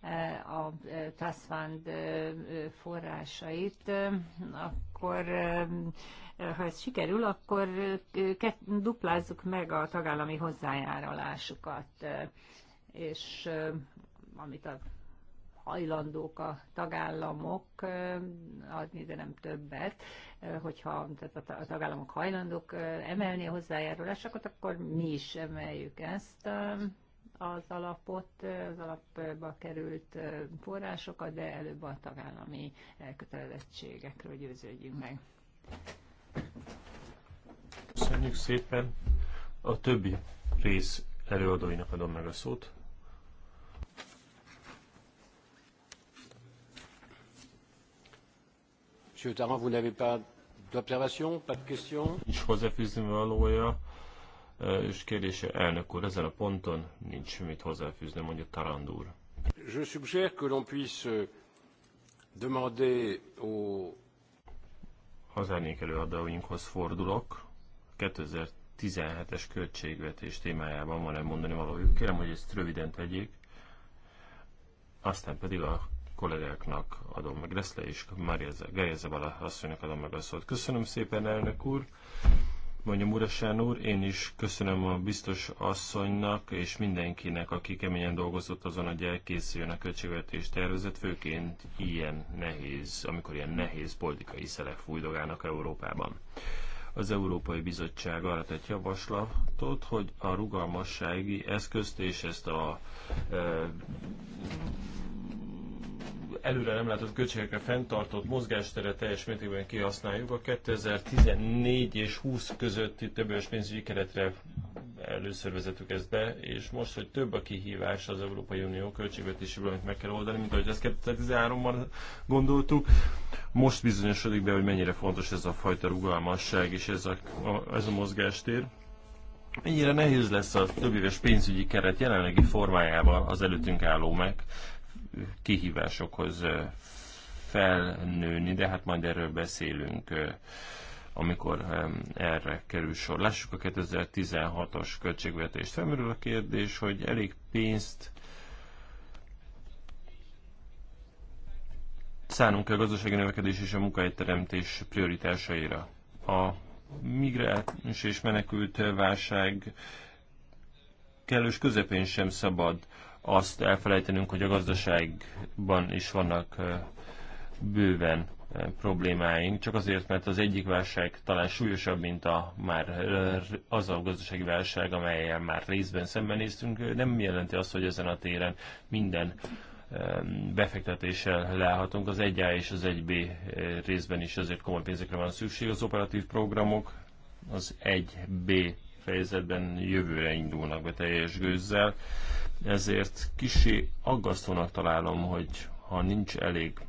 e, a e, Trust Fund forrásait, akkor ha ez sikerül, akkor duplázzuk meg a tagállami hozzájárulásukat, és amit a hajlandók a tagállamok adni, de nem többet, hogyha tehát a tagállamok hajlandók emelni a hozzájárulásokat, akkor mi is emeljük ezt az alapot, az alapba került forrásokat, de előbb a tagállami elkötelezettségekről győződjünk meg. Köszönjük szépen! A többi rész előadóinak adom meg a szót. Monsieur Tarrant, vous n'avez pas d'observation, pas de question? hozzáfűzni valója és kérdése elnök úr, ezen a ponton nincs mit hozzáfűzni, mondja Tarand úr. Je suggère que l'on puisse euh, demander au... Az előadóinkhoz fordulok. 2017-es költségvetés témájában van mondani valójuk. Kérem, hogy ezt röviden tegyék. Aztán pedig a kollégáknak adom meg, Leszle és Gerje Zabala asszonynak adom meg a szót. Köszönöm szépen, elnök úr! Mondja Murasán úr, én is köszönöm a biztos asszonynak és mindenkinek, aki keményen dolgozott azon, hogy elkészüljön a költségvetés tervezet, főként ilyen nehéz, amikor ilyen nehéz politikai szelek fújdogának Európában. Az Európai Bizottság arra tett javaslatot, hogy a rugalmassági eszközt és ezt a e, előre nem látott költségekre fenntartott mozgástere teljes mértékben kihasználjuk. A 2014 és 20 közötti többes pénzügyi keretre először vezetük ezt be, és most, hogy több a kihívás az Európai Unió költségvetéséből, amit meg kell oldani, mint ahogy ezt 2013-ban gondoltuk, most bizonyosodik be, hogy mennyire fontos ez a fajta rugalmasság és ez a, a, ez a mozgástér. Mennyire nehéz lesz a több éves pénzügyi keret jelenlegi formájával az előttünk álló meg kihívásokhoz felnőni, de hát majd erről beszélünk, amikor erre kerül sor. Lássuk a 2016-os költségvetést. Felmerül a kérdés, hogy elég pénzt szánunk a gazdasági növekedés és a munkahelyteremtés prioritásaira. A migráns és menekült válság kellős közepén sem szabad azt elfelejtenünk, hogy a gazdaságban is vannak bőven problémáink, csak azért, mert az egyik válság talán súlyosabb, mint a már az a gazdasági válság, amelyel már részben szembenéztünk, nem jelenti azt, hogy ezen a téren minden befektetéssel leállhatunk. Az 1A és az 1B részben is azért komoly pénzekre van szükség az operatív programok. Az 1B fejezetben jövőre indulnak be teljes gőzzel. Ezért kisé aggasztónak találom, hogy ha nincs elég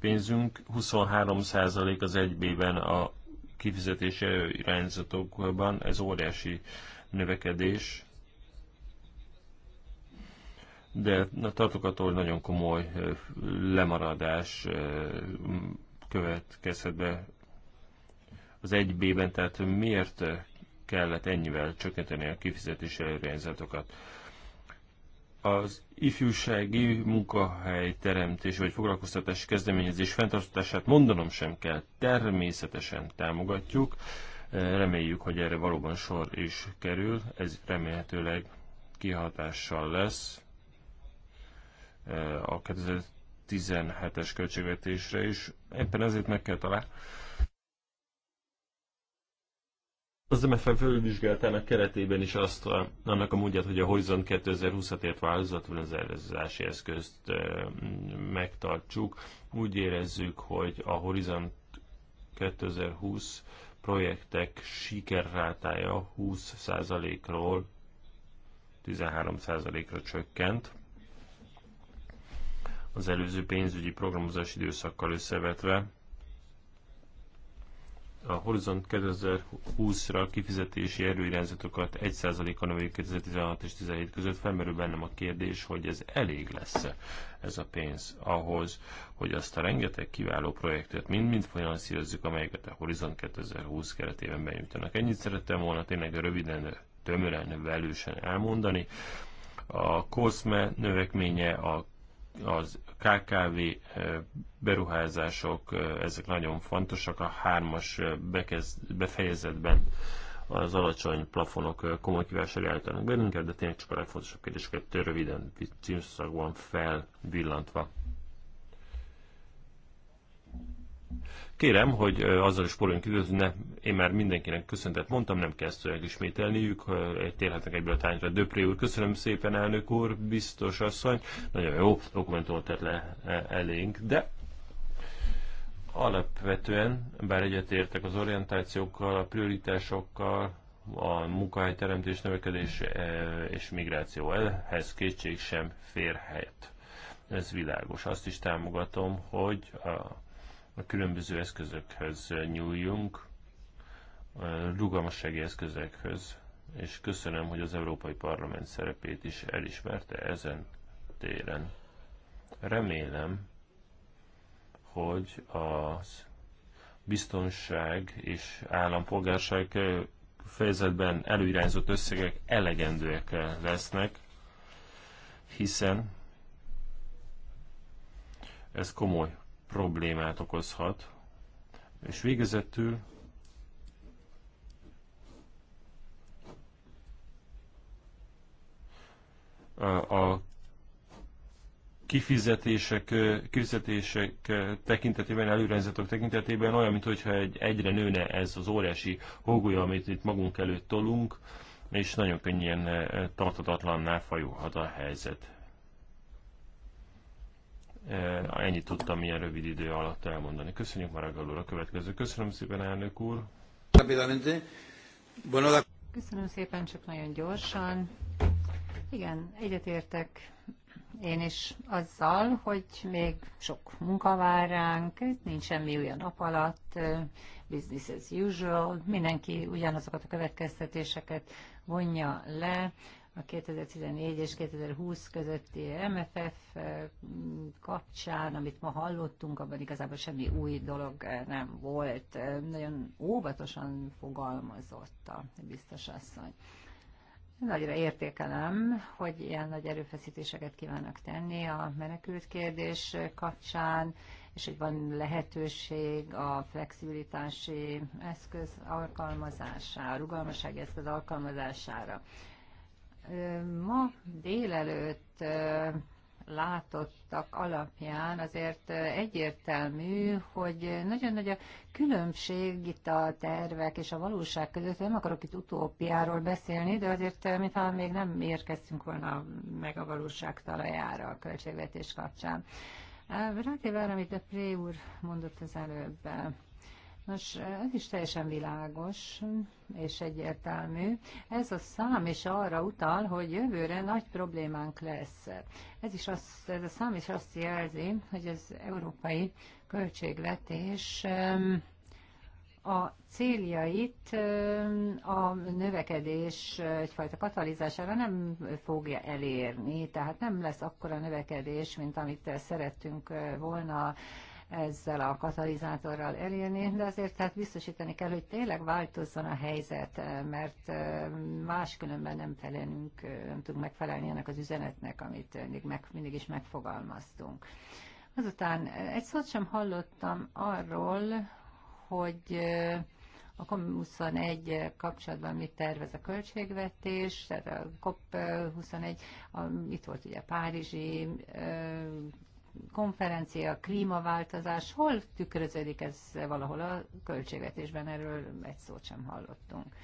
pénzünk, 23% az 1B-ben a kifizetése irányzatokban, ez óriási növekedés, de tartok attól, hogy nagyon komoly lemaradás következhet be az 1B-ben, tehát miért kellett ennyivel csökkenteni a kifizetési előirányzatokat. Az ifjúsági munkahely teremtés vagy foglalkoztatási kezdeményezés fenntartását mondanom sem kell, természetesen támogatjuk. Reméljük, hogy erre valóban sor is kerül, ez remélhetőleg kihatással lesz eh, a 2017-es költségvetésre is. Éppen ezért meg kell találni az MFA felülvizsgálatának keretében is azt a, annak a módját, hogy a Horizon 2020-at az előzőzási eszközt e, megtartsuk. Úgy érezzük, hogy a Horizon 2020 projektek sikerrátája 20%-ról 13%-ra csökkent az előző pénzügyi programozási időszakkal összevetve a Horizont 2020-ra kifizetési erőirányzatokat 1%-a növeli 2016 és 2017 között. Felmerül bennem a kérdés, hogy ez elég lesz-e ez a pénz ahhoz, hogy azt a rengeteg kiváló projektet mind-mind finanszírozzuk, amelyeket a Horizont 2020 keretében benyújtanak. Ennyit szerettem volna tényleg röviden, tömören, velősen elmondani. A COSME növekménye, a az KKV eh, beruházások, eh, ezek nagyon fontosak, a hármas eh, bekezd, befejezetben az alacsony plafonok komoly kívásra állítanak bennünket, de tényleg csak a legfontosabb kérdéseket röviden címszakban felvillantva. Kérem, hogy azzal is poroljunk időt, ne, én már mindenkinek köszöntet mondtam, nem kell ezt ismételniük, térhetnek egyből a tányra. Döpré úr, köszönöm szépen, elnök úr, biztos asszony, nagyon jó dokumentumot tett le e, elénk, de alapvetően, bár egyetértek az orientációkkal, a prioritásokkal, a munkahelyteremtés, növekedés e, és migráció elhez kétség sem férhet. Ez világos. Azt is támogatom, hogy a a különböző eszközökhöz nyúljunk, rugalmassági eszközökhöz, és köszönöm, hogy az Európai Parlament szerepét is elismerte ezen téren. Remélem, hogy az biztonság és állampolgárság fejezetben előirányzott összegek elegendőek lesznek, hiszen ez komoly problémát okozhat. És végezetül a kifizetések, kifizetések tekintetében, előrendzetek tekintetében olyan, mintha egy, egyre nőne ez az óriási hógolya, amit itt magunk előtt tolunk, és nagyon könnyen tartatatlanná fajulhat a helyzet. Eh, ennyit tudtam ilyen rövid idő alatt elmondani. Köszönjük már a a következő. Köszönöm szépen, elnök úr. Köszönöm szépen, csak nagyon gyorsan. Igen, egyetértek én is azzal, hogy még sok munka vár ránk, nincs semmi olyan nap alatt, eh, business as usual, mindenki ugyanazokat a következtetéseket vonja le, a 2014 és 2020 közötti MFF eh, kapcsán, amit ma hallottunk, abban igazából semmi új dolog eh, nem volt. Eh, nagyon óvatosan fogalmazott a biztos asszony. Nagyra értékelem, hogy ilyen nagy erőfeszítéseket kívánnak tenni a menekült kérdés kapcsán, és hogy van lehetőség a flexibilitási eszköz alkalmazására, rugalmasági eszköz alkalmazására. Ma délelőtt látottak alapján azért egyértelmű, hogy nagyon nagy a különbség itt a tervek és a valóság között. Nem akarok itt utópiáról beszélni, de azért mintha még nem érkeztünk volna meg a valóság talajára a költségvetés kapcsán. Rátéve arra, amit a Pré úr mondott az előbb, Nos, ez is teljesen világos és egyértelmű. Ez a szám is arra utal, hogy jövőre nagy problémánk lesz. Ez, is azt, ez a szám is azt jelzi, hogy az európai költségvetés a céljait a növekedés egyfajta katalizására nem fogja elérni, tehát nem lesz akkora növekedés, mint amit szerettünk eh, volna ezzel a katalizátorral elérni, de azért tehát biztosítani kell, hogy tényleg változzon a helyzet, mert máskülönben nem felelünk, nem tudunk megfelelni ennek az üzenetnek, amit mindig, meg, mindig is megfogalmaztunk. Azután egy szót sem hallottam arról, hogy a COP21 kapcsolatban mit tervez a költségvetés, tehát a COP21, a, itt volt ugye a Párizsi konferencia, a klímaváltozás, hol tükröződik ez valahol a költségvetésben, erről egy szót sem hallottunk.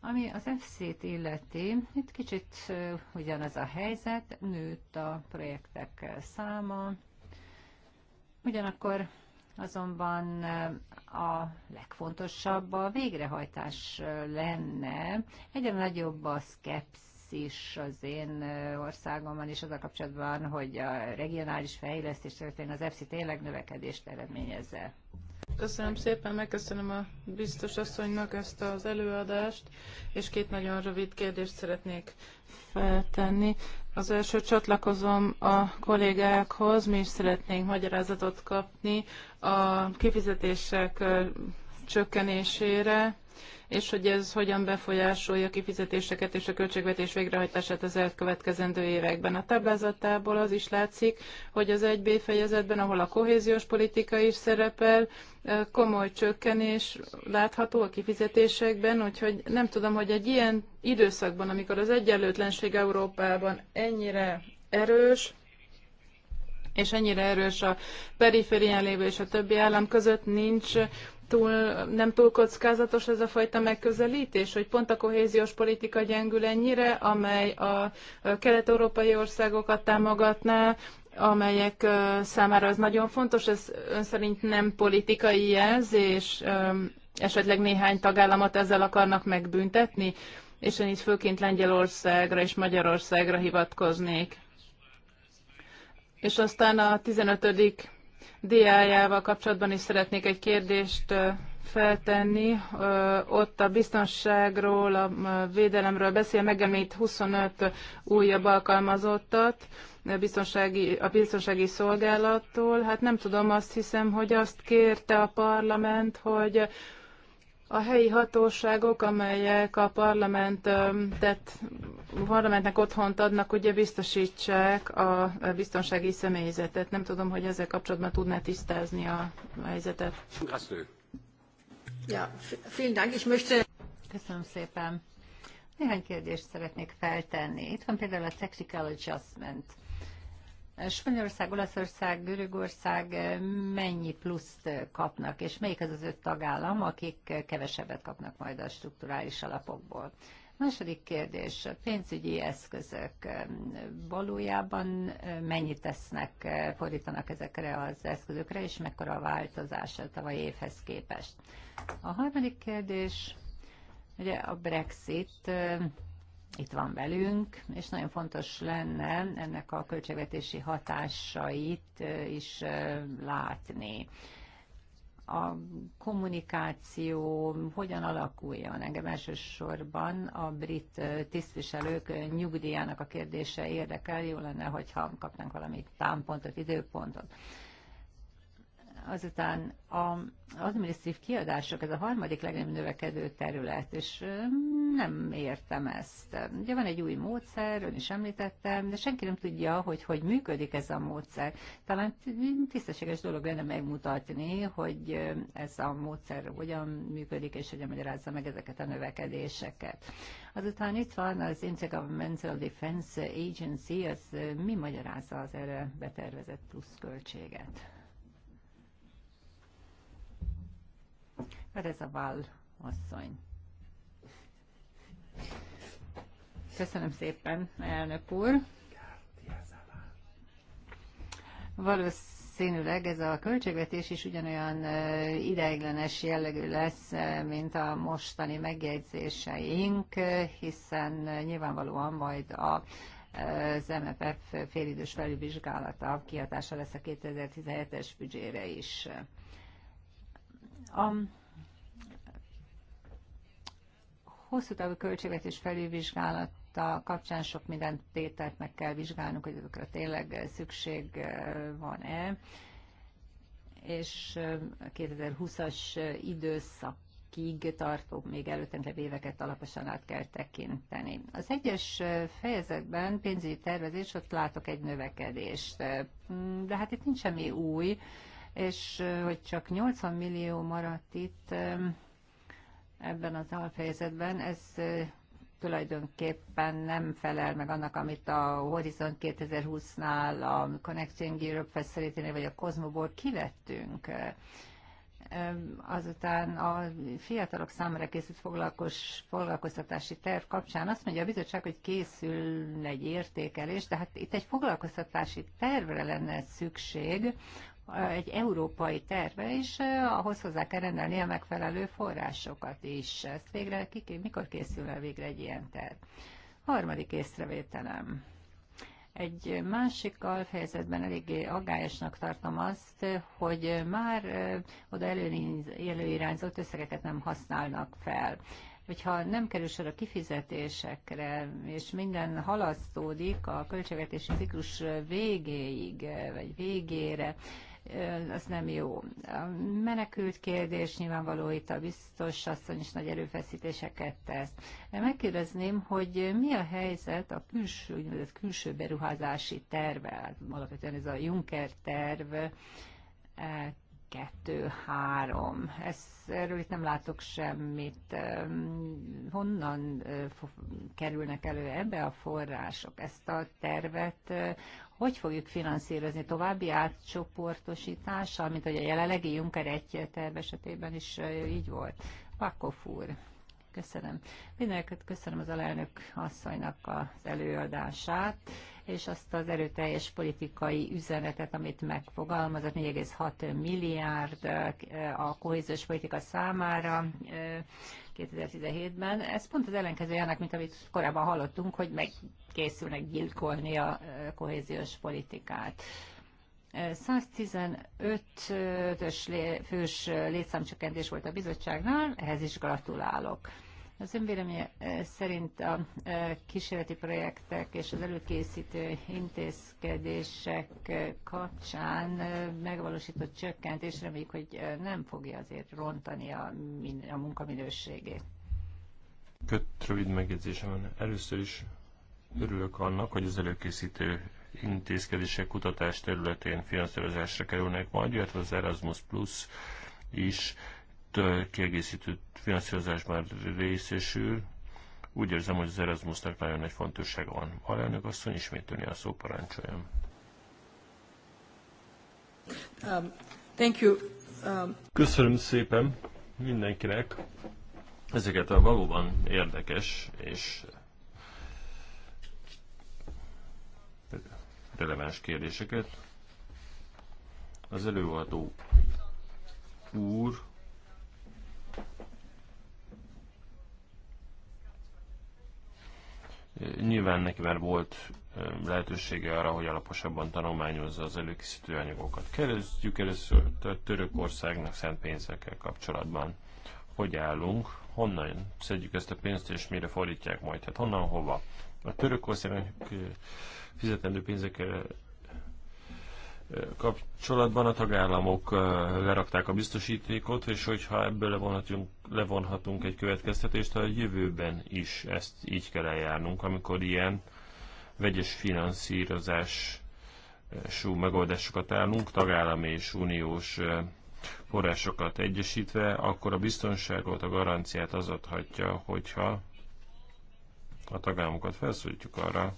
Ami az FC-t illeti, itt kicsit ugyanaz a helyzet, nőtt a projektek száma, ugyanakkor azonban a legfontosabb a végrehajtás lenne. Egyre nagyobb a szkepsz lesz is az én országomban is az a kapcsolatban, hogy a regionális fejlesztés történ az EFSZI tényleg növekedést eredményezze. Köszönöm szépen, megköszönöm a biztos asszonynak ezt az előadást, és két nagyon rövid kérdést szeretnék feltenni. Az első csatlakozom a kollégákhoz, mi is szeretnénk magyarázatot kapni a kifizetések csökkenésére, és hogy ez hogyan befolyásolja a kifizetéseket és a költségvetés végrehajtását az elkövetkezendő években. A táblázatából az is látszik, hogy az 1B fejezetben, ahol a kohéziós politika is szerepel, komoly csökkenés látható a kifizetésekben, úgyhogy nem tudom, hogy egy ilyen időszakban, amikor az egyenlőtlenség Európában ennyire erős, és ennyire erős a periférián lévő és a többi állam között nincs túl, nem túl kockázatos ez a fajta megközelítés, hogy pont a kohéziós politika gyengül ennyire, amely a kelet-európai országokat támogatná, amelyek számára az nagyon fontos, ez ön szerint nem politikai jelzés, esetleg néhány tagállamot ezzel akarnak megbüntetni, és én itt főként Lengyelországra és Magyarországra hivatkoznék. És aztán a 15 diájával kapcsolatban is szeretnék egy kérdést feltenni. Ott a biztonságról, a védelemről beszél, megemlít 25 újabb alkalmazottat a biztonsági, a biztonsági szolgálattól. Hát nem tudom, azt hiszem, hogy azt kérte a parlament, hogy a helyi hatóságok, amelyek a parlamentet, parlamentnek otthont adnak, ugye biztosítsák a biztonsági személyzetet. Nem tudom, hogy ezzel kapcsolatban tudná tisztázni a helyzetet. Ja, vielen Dank, möchte... Köszönöm szépen. Néhány kérdést szeretnék feltenni. Itt van például a Technical Adjustment Spanyolország, Olaszország, Görögország eh, mennyi pluszt eh, kapnak, és melyik az az öt tagállam, akik eh, kevesebbet kapnak majd a strukturális alapokból? Második kérdés, pénzügyi eszközök valójában mennyit tesznek, fordítanak ezekre az eszközökre, és mekkora a változás a tavalyi évhez képest? A harmadik kérdés, ugye a Brexit itt van velünk, és nagyon fontos lenne ennek a költségvetési hatásait is látni. A kommunikáció hogyan alakuljon? Engem elsősorban a brit tisztviselők nyugdíjának a kérdése érdekel. Jó lenne, hogyha kapnánk valami támpontot, időpontot. Azután az administratív kiadások, ez a harmadik legnagyobb növekedő terület, és nem értem ezt. Ugye van egy új módszer, ön is említettem, de senki nem tudja, hogy hogy működik ez a módszer. Talán tisztességes dolog lenne megmutatni, hogy ez a módszer hogyan működik, és hogyan magyarázza meg ezeket a növekedéseket. Azután itt van az Intergovernmental Defense Agency, az mi magyarázza az erre betervezett plusz költséget? a Val asszony. Köszönöm szépen, elnök úr. Valószínűleg ez a költségvetés is ugyanolyan ideiglenes jellegű lesz, mint a mostani megjegyzéseink, hiszen nyilvánvalóan majd a az MFF félidős felülvizsgálata kiadása lesz a 2017-es büdzsére is. A hosszú távú költségvetés a kapcsán sok minden tételt meg kell vizsgálnunk, hogy azokra tényleg eh, szükség eh, van-e, és 2020-as eh, időszakig tartó, még előtte éveket alaposan át kell tekinteni. Az egyes fejezetben pénzügyi tervezés, ott látok egy növekedést, de hát itt nincs semmi új, és hogy csak 80 millió maradt itt, ebben az alfejezetben, ez tulajdonképpen nem felel meg annak, amit a Horizon 2020-nál, a Connecting Europe facility vagy a Cosmoból kivettünk. Azután a fiatalok számára készült foglalkos, foglalkoztatási terv kapcsán azt mondja a bizottság, hogy készül egy értékelés, de hát itt egy foglalkoztatási tervre lenne szükség, egy európai terve, és eh, ahhoz hozzá kell rendelni a megfelelő forrásokat is. Ezt végre, ki, mikor készül el végre egy ilyen terv? Harmadik észrevételem. Egy másik alfejezetben eléggé aggályosnak tartom azt, hogy már eh, oda előirányzott összegeket nem használnak fel hogyha nem kerül sor a kifizetésekre, és minden halasztódik a költségvetési ciklus végéig, eh, vagy végére, az nem jó. A menekült kérdés nyilvánvaló itt a biztos asszony is nagy erőfeszítéseket tesz. Megkérdezném, hogy mi a helyzet a külső, úgynevezett külső beruházási terve, hát alapvetően ez a Juncker terv, e, kettő, három. Ez, erről itt nem látok semmit. Honnan kerülnek elő ebbe a források? Ezt a tervet hogy fogjuk finanszírozni további átcsoportosítással, mint hogy a jelenlegi Juncker egy terv esetében is így volt. Vakov úr, köszönöm. Mindeneket köszönöm az alelnök asszonynak az előadását és azt az erőteljes politikai üzenetet, amit megfogalmazott, 4,6 milliárd eh, a kohéziós politika számára 2017-ben. Eh, Ez pont az ellenkezője annak, mint amit korábban hallottunk, hogy megkészülnek gyilkolni a eh, kohéziós politikát. 115-ös fős létszámcsökkentés volt a bizottságnál, ehhez is gratulálok. Az ön véleménye eh, szerint a eh, kísérleti projektek és az előkészítő intézkedések eh, kapcsán megvalósított csökkentés reméljük, hogy nem fogja azért rontani a, a munkaminőségét. Köt rövid megjegyzésem van. Először is örülök annak, hogy az előkészítő intézkedések kutatás területén finanszírozásra kerülnek majd, illetve az Erasmus Plus is kiegészítő már részesül. Úgy érzem, hogy az Erasmusnak nagyon nagy fontossága van. elnök asszony ismételni a szó parancsoljon. Um, thank you. Um... Köszönöm szépen mindenkinek ezeket a valóban érdekes és releváns kérdéseket. Az előadó úr Nyilván neki már volt lehetősége arra, hogy alaposabban tanulmányozza az előkészítő anyagokat. Kérdezzük először a Törökországnak szent pénzekkel kapcsolatban. Hogy állunk? Honnan szedjük ezt a pénzt, és mire fordítják majd? Hát honnan, hova? A Törökországnak fizetendő pénzek kapcsolatban a tagállamok eh, lerakták a biztosítékot, és hogyha ebből levonhatunk, levonhatunk egy következtetést, a jövőben is ezt így kell eljárnunk, amikor ilyen vegyes finanszírozás sú megoldásokat állunk, tagállami és uniós eh, forrásokat egyesítve, akkor a biztonságot, a garanciát az adhatja, hogyha a tagállamokat felszólítjuk arra,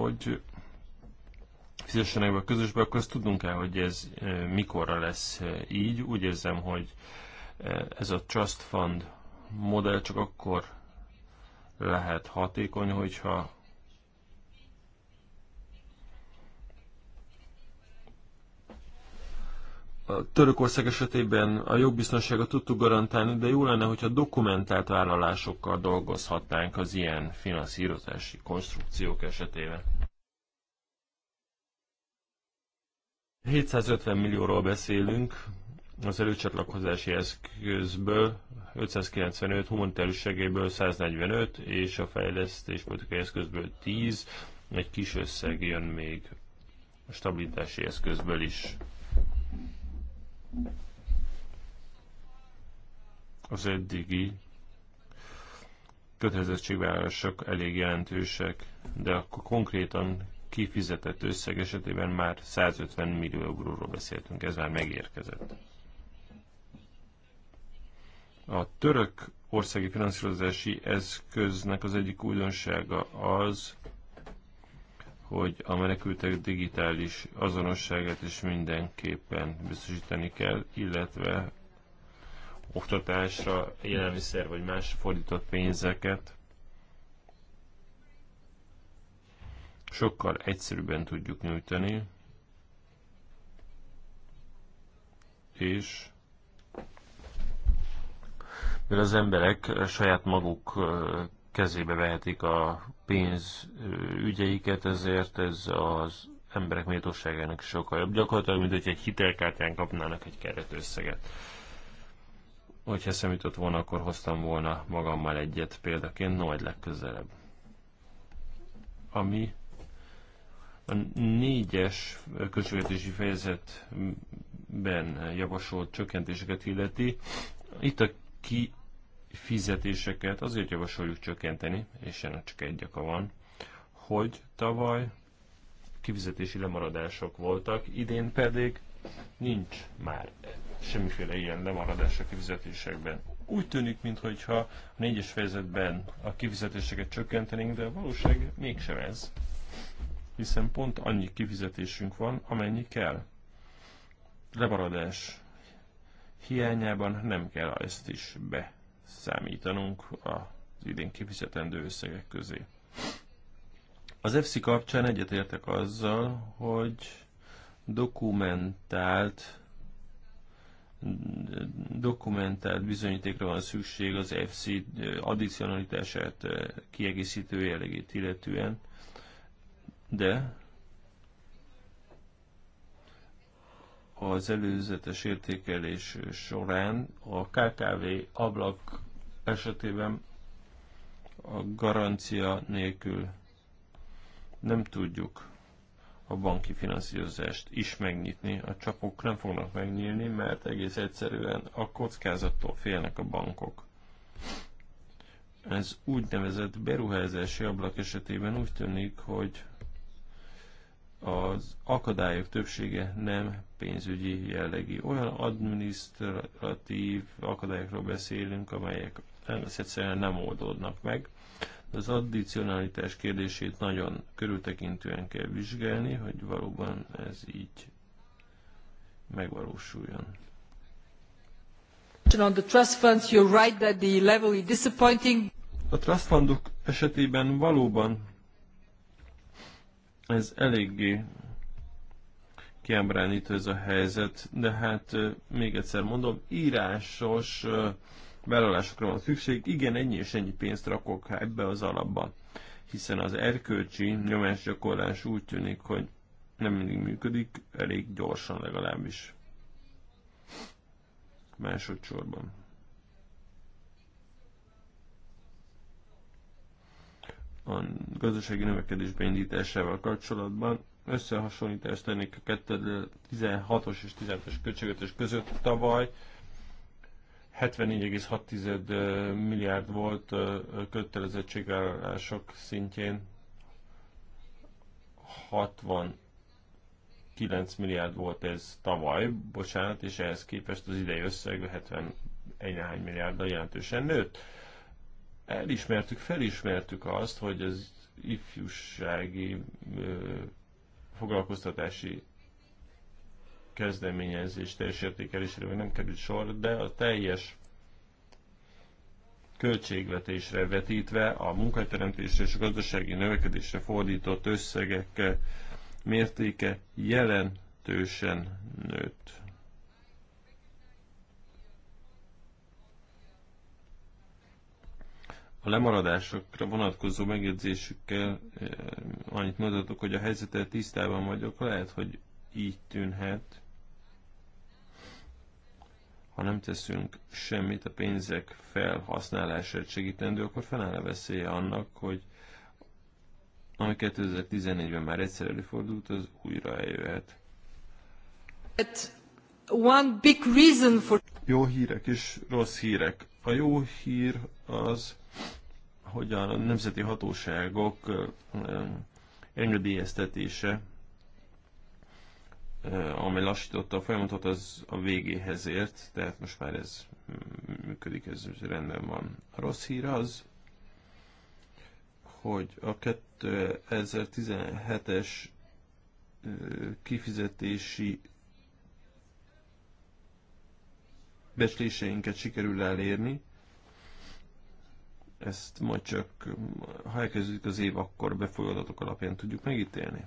hogy fizessenek be a közösbe, akkor ezt tudnunk kell, hogy ez eh, mikorra lesz eh, így. Úgy érzem, hogy eh, ez a Trust Fund modell csak akkor lehet hatékony, hogyha a Törökország esetében a jogbiztonságot tudtuk garantálni, de jó lenne, hogyha dokumentált vállalásokkal dolgozhatnánk az ilyen finanszírozási konstrukciók esetében. 750 millióról beszélünk az előcsatlakozási eszközből, 595 humanitárius segélyből 145, és a politikai eszközből 10, egy kis összeg jön még a stabilitási eszközből is. Az eddigi kötelezettségvállalások elég jelentősek, de akkor konkrétan kifizetett összeg esetében már 150 millió euróról beszéltünk, ez már megérkezett. A török országi finanszírozási eszköznek az egyik újdonsága az, hogy a menekültek digitális azonosságát is mindenképpen biztosítani kell, illetve oktatásra, élelmiszer vagy más fordított pénzeket sokkal egyszerűbben tudjuk nyújtani, és mert az emberek saját maguk kezébe vehetik a pénz ügyeiket, ezért ez az emberek méltóságának sokkal jobb. Gyakorlatilag, mint hogy egy hitelkártyán kapnának egy keretösszeget. Hogyha szemított volna, akkor hoztam volna magammal egyet példaként, majd legközelebb. Ami a négyes költségvetési fejezetben javasolt csökkentéseket illeti, itt a ki fizetéseket azért javasoljuk csökkenteni, és ennek csak egy gyaka van, hogy tavaly kifizetési lemaradások voltak, idén pedig nincs már semmiféle ilyen lemaradás a kifizetésekben. Úgy tűnik, mintha a négyes fejezetben a kifizetéseket csökkentenénk, de a valóság mégsem ez. Hiszen pont annyi kifizetésünk van, amennyi kell. Lemaradás hiányában nem kell ezt is be számítanunk az idén kifizetendő összegek közé. Az EFSI kapcsán egyetértek azzal, hogy dokumentált dokumentált bizonyítékra van szükség az FC addicionalitását kiegészítő jellegét illetően, de az előzetes értékelés során a KKV ablak esetében a garancia nélkül nem tudjuk a banki finanszírozást is megnyitni. A csapok nem fognak megnyílni, mert egész egyszerűen a kockázattól félnek a bankok. Ez úgynevezett beruházási ablak esetében úgy tűnik, hogy az akadályok többsége nem pénzügyi jellegű. Olyan administratív akadályokról beszélünk, amelyek egyszerűen nem oldódnak meg. Az addicionalitás kérdését nagyon körültekintően kell vizsgálni, hogy valóban ez így megvalósuljon. On the trust funds, you're right that the level is disappointing. A trust fundok esetében valóban ez eléggé kiábránító ez a helyzet, de hát még egyszer mondom, írásos vállalásokra van szükség. Igen, ennyi és ennyi pénzt rakok ebbe az alapba, hiszen az erkölcsi nyomásgyakorlás úgy tűnik, hogy nem mindig működik, elég gyorsan legalábbis. Másodszorban. a gazdasági növekedés beindításával kapcsolatban összehasonlítást tennék a 2016-os és 17-es költségvetés között tavaly 74,6 milliárd volt kötelezettségvállalások szintjén 69 milliárd volt ez tavaly, bocsánat, és ehhez képest az idei összeg 71 milliárddal jelentősen nőtt elismertük, felismertük azt, hogy az ifjúsági foglalkoztatási kezdeményezés teljes értékelésére még nem került sor, de a teljes költségvetésre vetítve a munkateremtésre és a gazdasági növekedésre fordított összegek mértéke jelentősen nőtt. A lemaradásokra vonatkozó megjegyzésükkel eh, annyit mondhatok, hogy a helyzetet tisztában vagyok, lehet, hogy így tűnhet, ha nem teszünk semmit a pénzek felhasználását segítendő, akkor feláll a veszélye annak, hogy ami 2014-ben már egyszer előfordult, az újra eljöhet. One big reason for... Jó hírek és rossz hírek a jó hír az, hogy a nemzeti hatóságok engedélyeztetése, amely lassította a folyamatot, az a végéhez ért, tehát most már ez mm, működik, ez rendben van. A rossz hír az, hogy a 2017-es kifizetési becsléseinket sikerül elérni. Ezt majd csak, ha elkezdődik az év, akkor befolyadatok alapján tudjuk megítélni.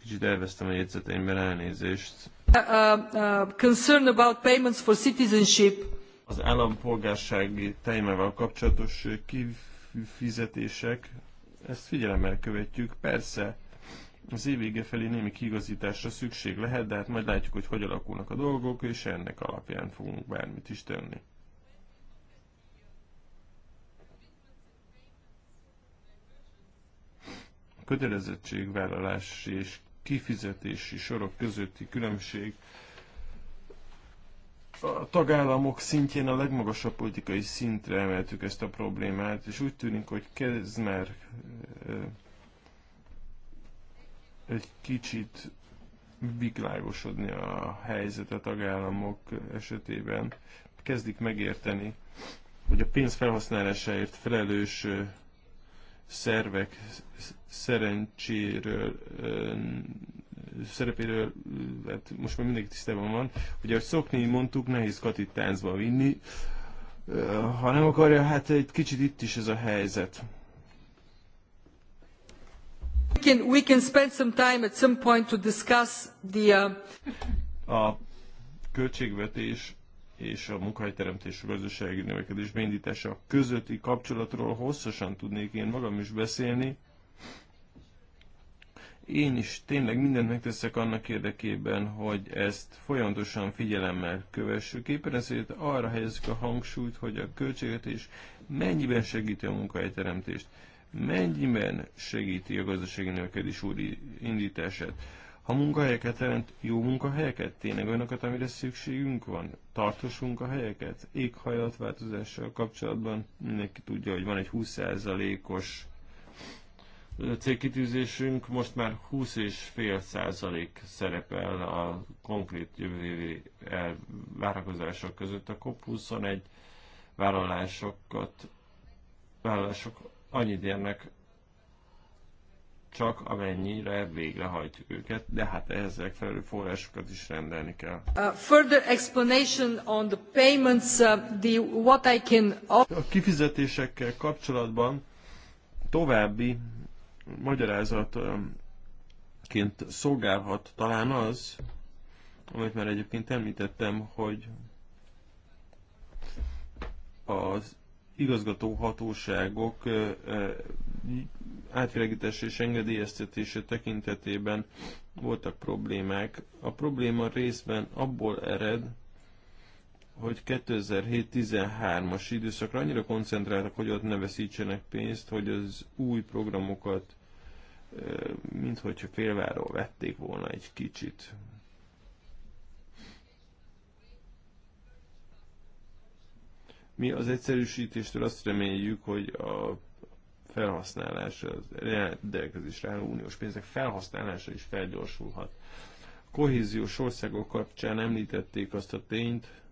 Kicsit elvesztem a jegyzeteimben elnézést. Uh, uh, uh concern about payments for citizenship. Az állampolgársági témával kapcsolatos kifizetések, ezt figyelemmel követjük. Persze, az év vége felé némi kigazításra szükség lehet, de hát majd látjuk, hogy hogy alakulnak a dolgok, és ennek alapján fogunk bármit is tenni. A kötelezettségvállalás és kifizetési sorok közötti különbség a tagállamok szintjén a legmagasabb politikai szintre emeltük ezt a problémát, és úgy tűnik, hogy kezd már egy kicsit világosodni a helyzet a tagállamok esetében. Kezdik megérteni, hogy a pénz felhasználásáért felelős szervek szerencséről, szerepéről, hát most már mindenki tisztában van, hogy ahogy szokni mondtuk, nehéz Katit táncba vinni, ha nem akarja, hát egy kicsit itt is ez a helyzet. We can, spend some time at some point to discuss the... Uh, a költségvetés és a munkahelyteremtés a gazdasági növekedés beindítása közötti kapcsolatról hosszasan tudnék én magam is beszélni. Én is tényleg mindent megteszek annak érdekében, hogy ezt folyamatosan figyelemmel kövessük. Éppen ezért arra helyezzük a hangsúlyt, hogy a költségvetés mennyiben segíti a munkahelyteremtést. teremtést mennyiben segíti a gazdasági növekedés úri indítását. Ha munkahelyeket jelent, jó munkahelyeket, tényleg olyanokat, amire szükségünk van, tartós munkahelyeket, éghajlatváltozással kapcsolatban mindenki tudja, hogy van egy 20%-os célkitűzésünk, most már 20,5% szerepel a konkrét jövő várakozások között. A COP21 vállalásokat, vállalások annyit érnek csak amennyire végrehajtjuk őket, de hát ehhez megfelelő forrásokat is rendelni kell. Uh, further explanation on the payments, uh, the, what I can... A kifizetésekkel kapcsolatban további magyarázatként szolgálhat talán az, amit már egyébként említettem, hogy az igazgatóhatóságok átvilágítása és engedélyeztetése tekintetében voltak problémák. A probléma részben abból ered, hogy 2007-13-as időszakra annyira koncentráltak, hogy ott ne veszítsenek pénzt, hogy az új programokat minthogyha félváról vették volna egy kicsit. Mi az egyszerűsítéstől azt reméljük, hogy a felhasználás, az rendelkezésre álló uniós pénzek felhasználása is felgyorsulhat. A kohéziós országok kapcsán említették azt a tényt,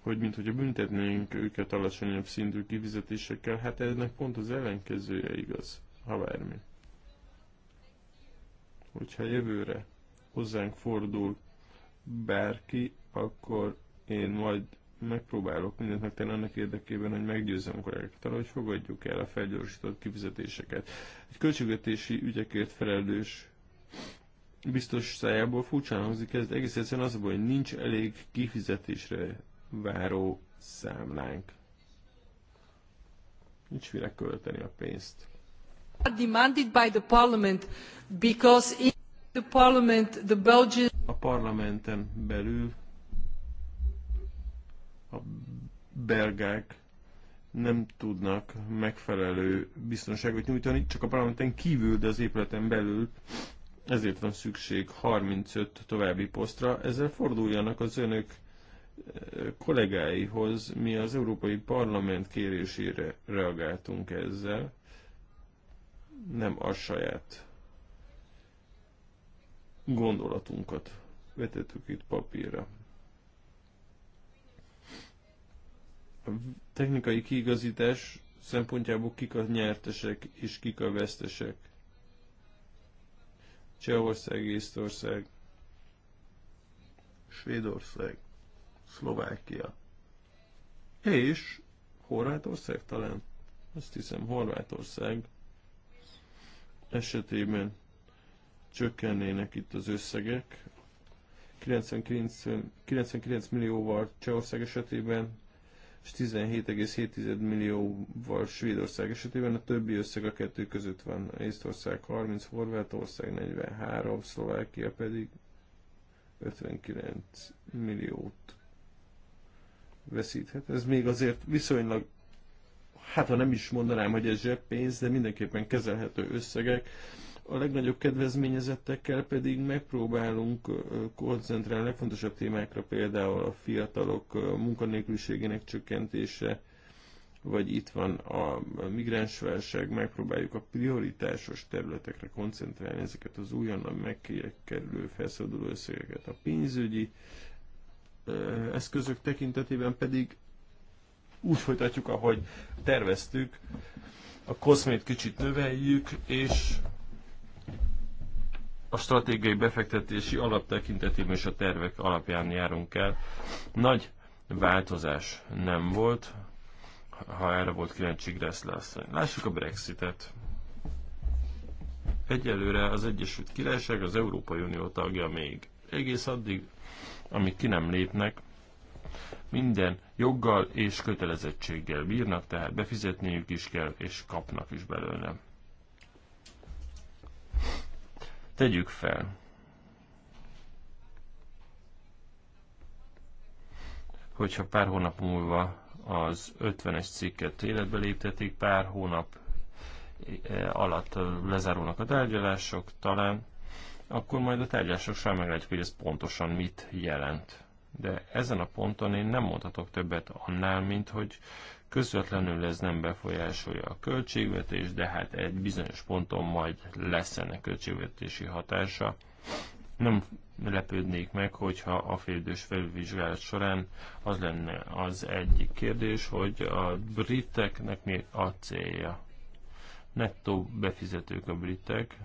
hogy mint a büntetnénk őket alacsonyabb szintű kifizetésekkel, hát ennek pont az ellenkezője igaz, ha bármi. Hogyha jövőre hozzánk fordul bárki, akkor én majd megpróbálok mindent megtenni annak érdekében, hogy meggyőzzem a kollégákat arra, hogy fogadjuk el a felgyorsított kifizetéseket. Egy költségvetési ügyekért felelős biztos szájából furcsán hangzik ez, egész egyszerűen az hogy nincs elég kifizetésre váró számlánk. Nincs mire költeni a pénzt. Demanded by the parliament because in the parliament the Belgian... A parlamenten belül a belgák nem tudnak megfelelő biztonságot nyújtani, csak a parlamenten kívül, de az épületen belül ezért van szükség 35 további posztra. Ezzel forduljanak az önök eh, kollégáihoz, mi az Európai Parlament kérésére reagáltunk ezzel, nem a saját gondolatunkat vetettük itt papírra. technikai kiigazítás szempontjából kik a nyertesek és kik a vesztesek. Csehország, Észtország, Svédország, Szlovákia és Horvátország talán. Azt hiszem Horvátország esetében csökkennének itt az összegek. 99, 99 millióval Csehország esetében és 17,7 millióval Svédország esetében, a többi összeg a kettő között van. Észtország 30, Horvátország 43, Szlovákia pedig 59 milliót veszíthet. Ez még azért viszonylag, hát ha nem is mondanám, hogy ez zseppénz, de mindenképpen kezelhető összegek a legnagyobb kedvezményezettekkel pedig megpróbálunk koncentrálni a legfontosabb témákra, például a fiatalok munkanélküliségének csökkentése, vagy itt van a migránsválság, megpróbáljuk a prioritásos területekre koncentrálni ezeket az újonnan megkerülő felszabaduló összegeket. A pénzügyi eszközök tekintetében pedig úgy folytatjuk, ahogy terveztük, a koszmét kicsit növeljük, és a stratégiai befektetési alap tekintetében és a tervek alapján járunk el. Nagy változás nem volt, ha erre volt kíváncsi lesz. Lássuk a Brexitet. Egyelőre az Egyesült Királyság az Európai Unió tagja még. Egész addig, amíg ki nem lépnek, minden joggal és kötelezettséggel bírnak, tehát befizetniük is kell, és kapnak is belőle. Tegyük fel. Hogyha pár hónap múlva az 50-es cikket életbe léptetik, pár hónap eh, alatt eh, lezárulnak a tárgyalások talán, akkor majd a tárgyalások sem meglátjuk, hogy ez pontosan mit jelent. De ezen a ponton én nem mondhatok többet annál, mint hogy Közvetlenül ez nem befolyásolja a költségvetés, de hát egy bizonyos ponton majd lesz ennek költségvetési hatása. Nem lepődnék meg, hogyha a félidős felülvizsgálat során az lenne az egyik kérdés, hogy a briteknek mi a célja. Nettó befizetők a britek,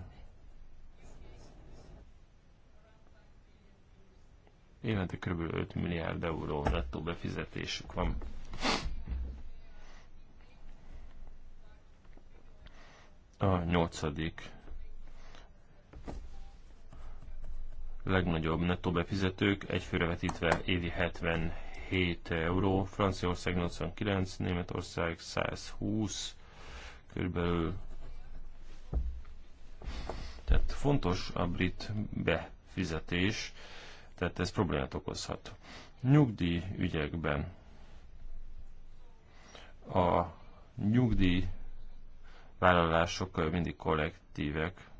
évente kb. 5 milliárd euró nettó befizetésük van. a nyolcadik legnagyobb nettó befizetők, egyfőre vetítve évi 77 euró, Franciaország 89, Németország 120, körülbelül. Tehát fontos a brit befizetés, tehát ez problémát okozhat. Nyugdíj ügyekben a nyugdíj vállalások mindig kollektívek.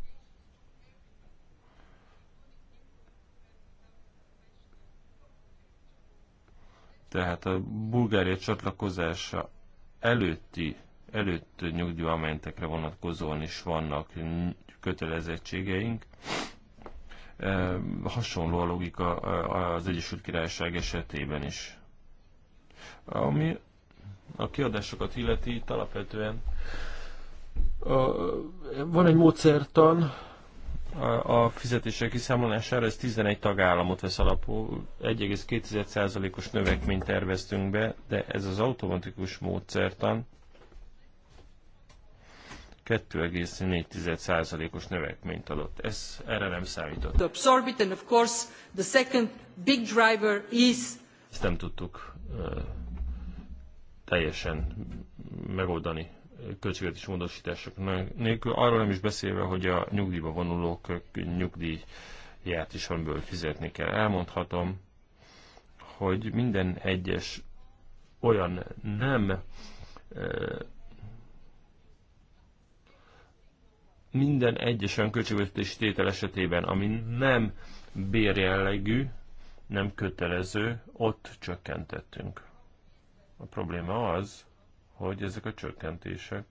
Tehát a Bulgária csatlakozása előtti előtt nyugdíjamentekre vonatkozóan is vannak kötelezettségeink. Hasonló a logika az Egyesült Királyság esetében is. Ami a kiadásokat illeti, itt alapvetően van egy módszertan a fizetések kiszámolására, ez 11 tagállamot vesz alapul, 1,2%-os növekményt terveztünk be, de ez az automatikus módszertan 2,4%-os növekményt adott. Ez erre nem számított. Absorb it, and of course the second big driver is... Ezt nem tudtuk uh, teljesen megoldani költségvetési módosítások nélkül, arról nem is beszélve, hogy a nyugdíjba vonulók nyugdíját is amiből fizetni kell. Elmondhatom, hogy minden egyes olyan nem minden egyes olyan költségvetési tétel esetében, ami nem bérjellegű, nem kötelező, ott csökkentettünk. A probléma az, hogy ezek a csökkentések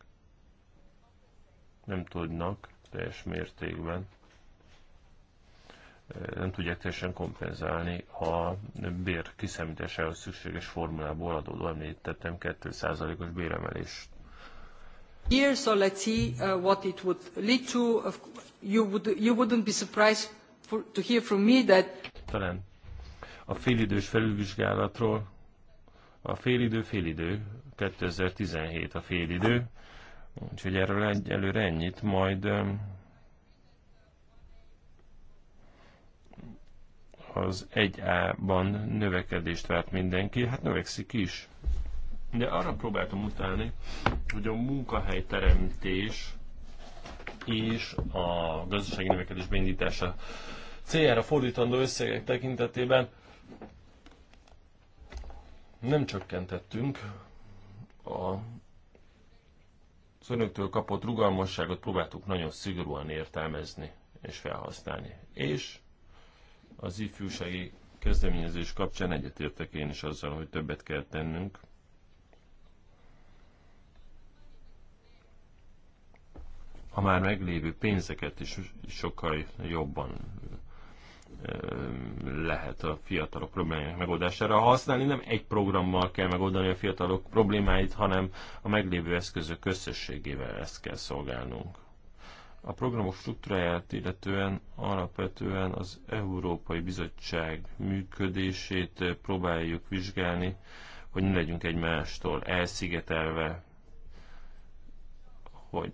nem tudnak teljes mértékben, nem tudják teljesen kompenzálni a bér kiszámításához szükséges formulából adódó említettem 2%-os béremelést. Here, so let's see uh, what it would lead to. You, would, you wouldn't be surprised for, to hear from me that... Talán a félidős felülvizsgálatról, a félidő, félidő 2017 a félidő, úgyhogy erről egy, előre ennyit, majd az 1A-ban növekedést várt mindenki, hát növekszik is. De arra próbáltam utálni, hogy a munkahelyteremtés és a gazdasági növekedés beindítása céljára fordítandó összegek tekintetében nem csökkentettünk, a az önöktől kapott rugalmasságot próbáltuk nagyon szigorúan értelmezni és felhasználni. És az ifjúsági kezdeményezés kapcsán egyetértek én is azzal, hogy többet kell tennünk. A már meglévő pénzeket is sokkal jobban lehet a fiatalok problémáinak megoldására használni. Nem egy programmal kell megoldani a fiatalok problémáit, hanem a meglévő eszközök összességével ezt kell szolgálnunk. A programok struktúráját illetően alapvetően az Európai Bizottság működését próbáljuk vizsgálni, hogy ne legyünk egymástól elszigetelve, hogy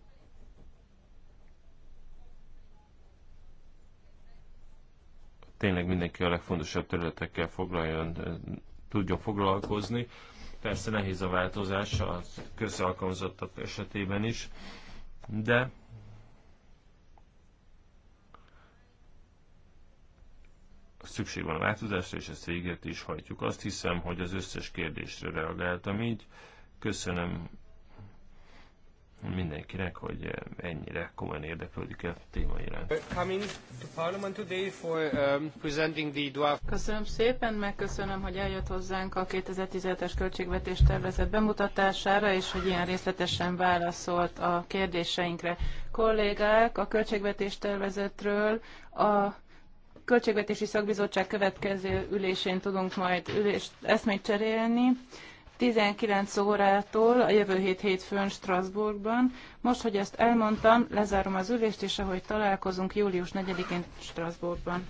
tényleg mindenki a legfontosabb területekkel foglaljon, tudjon foglalkozni. Persze nehéz a változás a közalkalmazottak esetében is, de szükség van a változásra, és ezt véget is hajtjuk. Azt hiszem, hogy az összes kérdésre reagáltam így. Köszönöm mindenkinek, hogy eh, ennyire komolyan érdeklődik a téma iránt. Um, Köszönöm szépen, megköszönöm, hogy eljött hozzánk a 2017-es költségvetés tervezet bemutatására, és hogy ilyen részletesen válaszolt a kérdéseinkre. Kollégák, a költségvetés tervezetről a Költségvetési Szakbizottság következő ülésén tudunk majd ülést, eszmét cserélni. 19 órától a jövő hét hétfőn Strasbourgban. Most, hogy ezt elmondtam, lezárom az ülést, és ahogy találkozunk július 4-én Strasbourgban.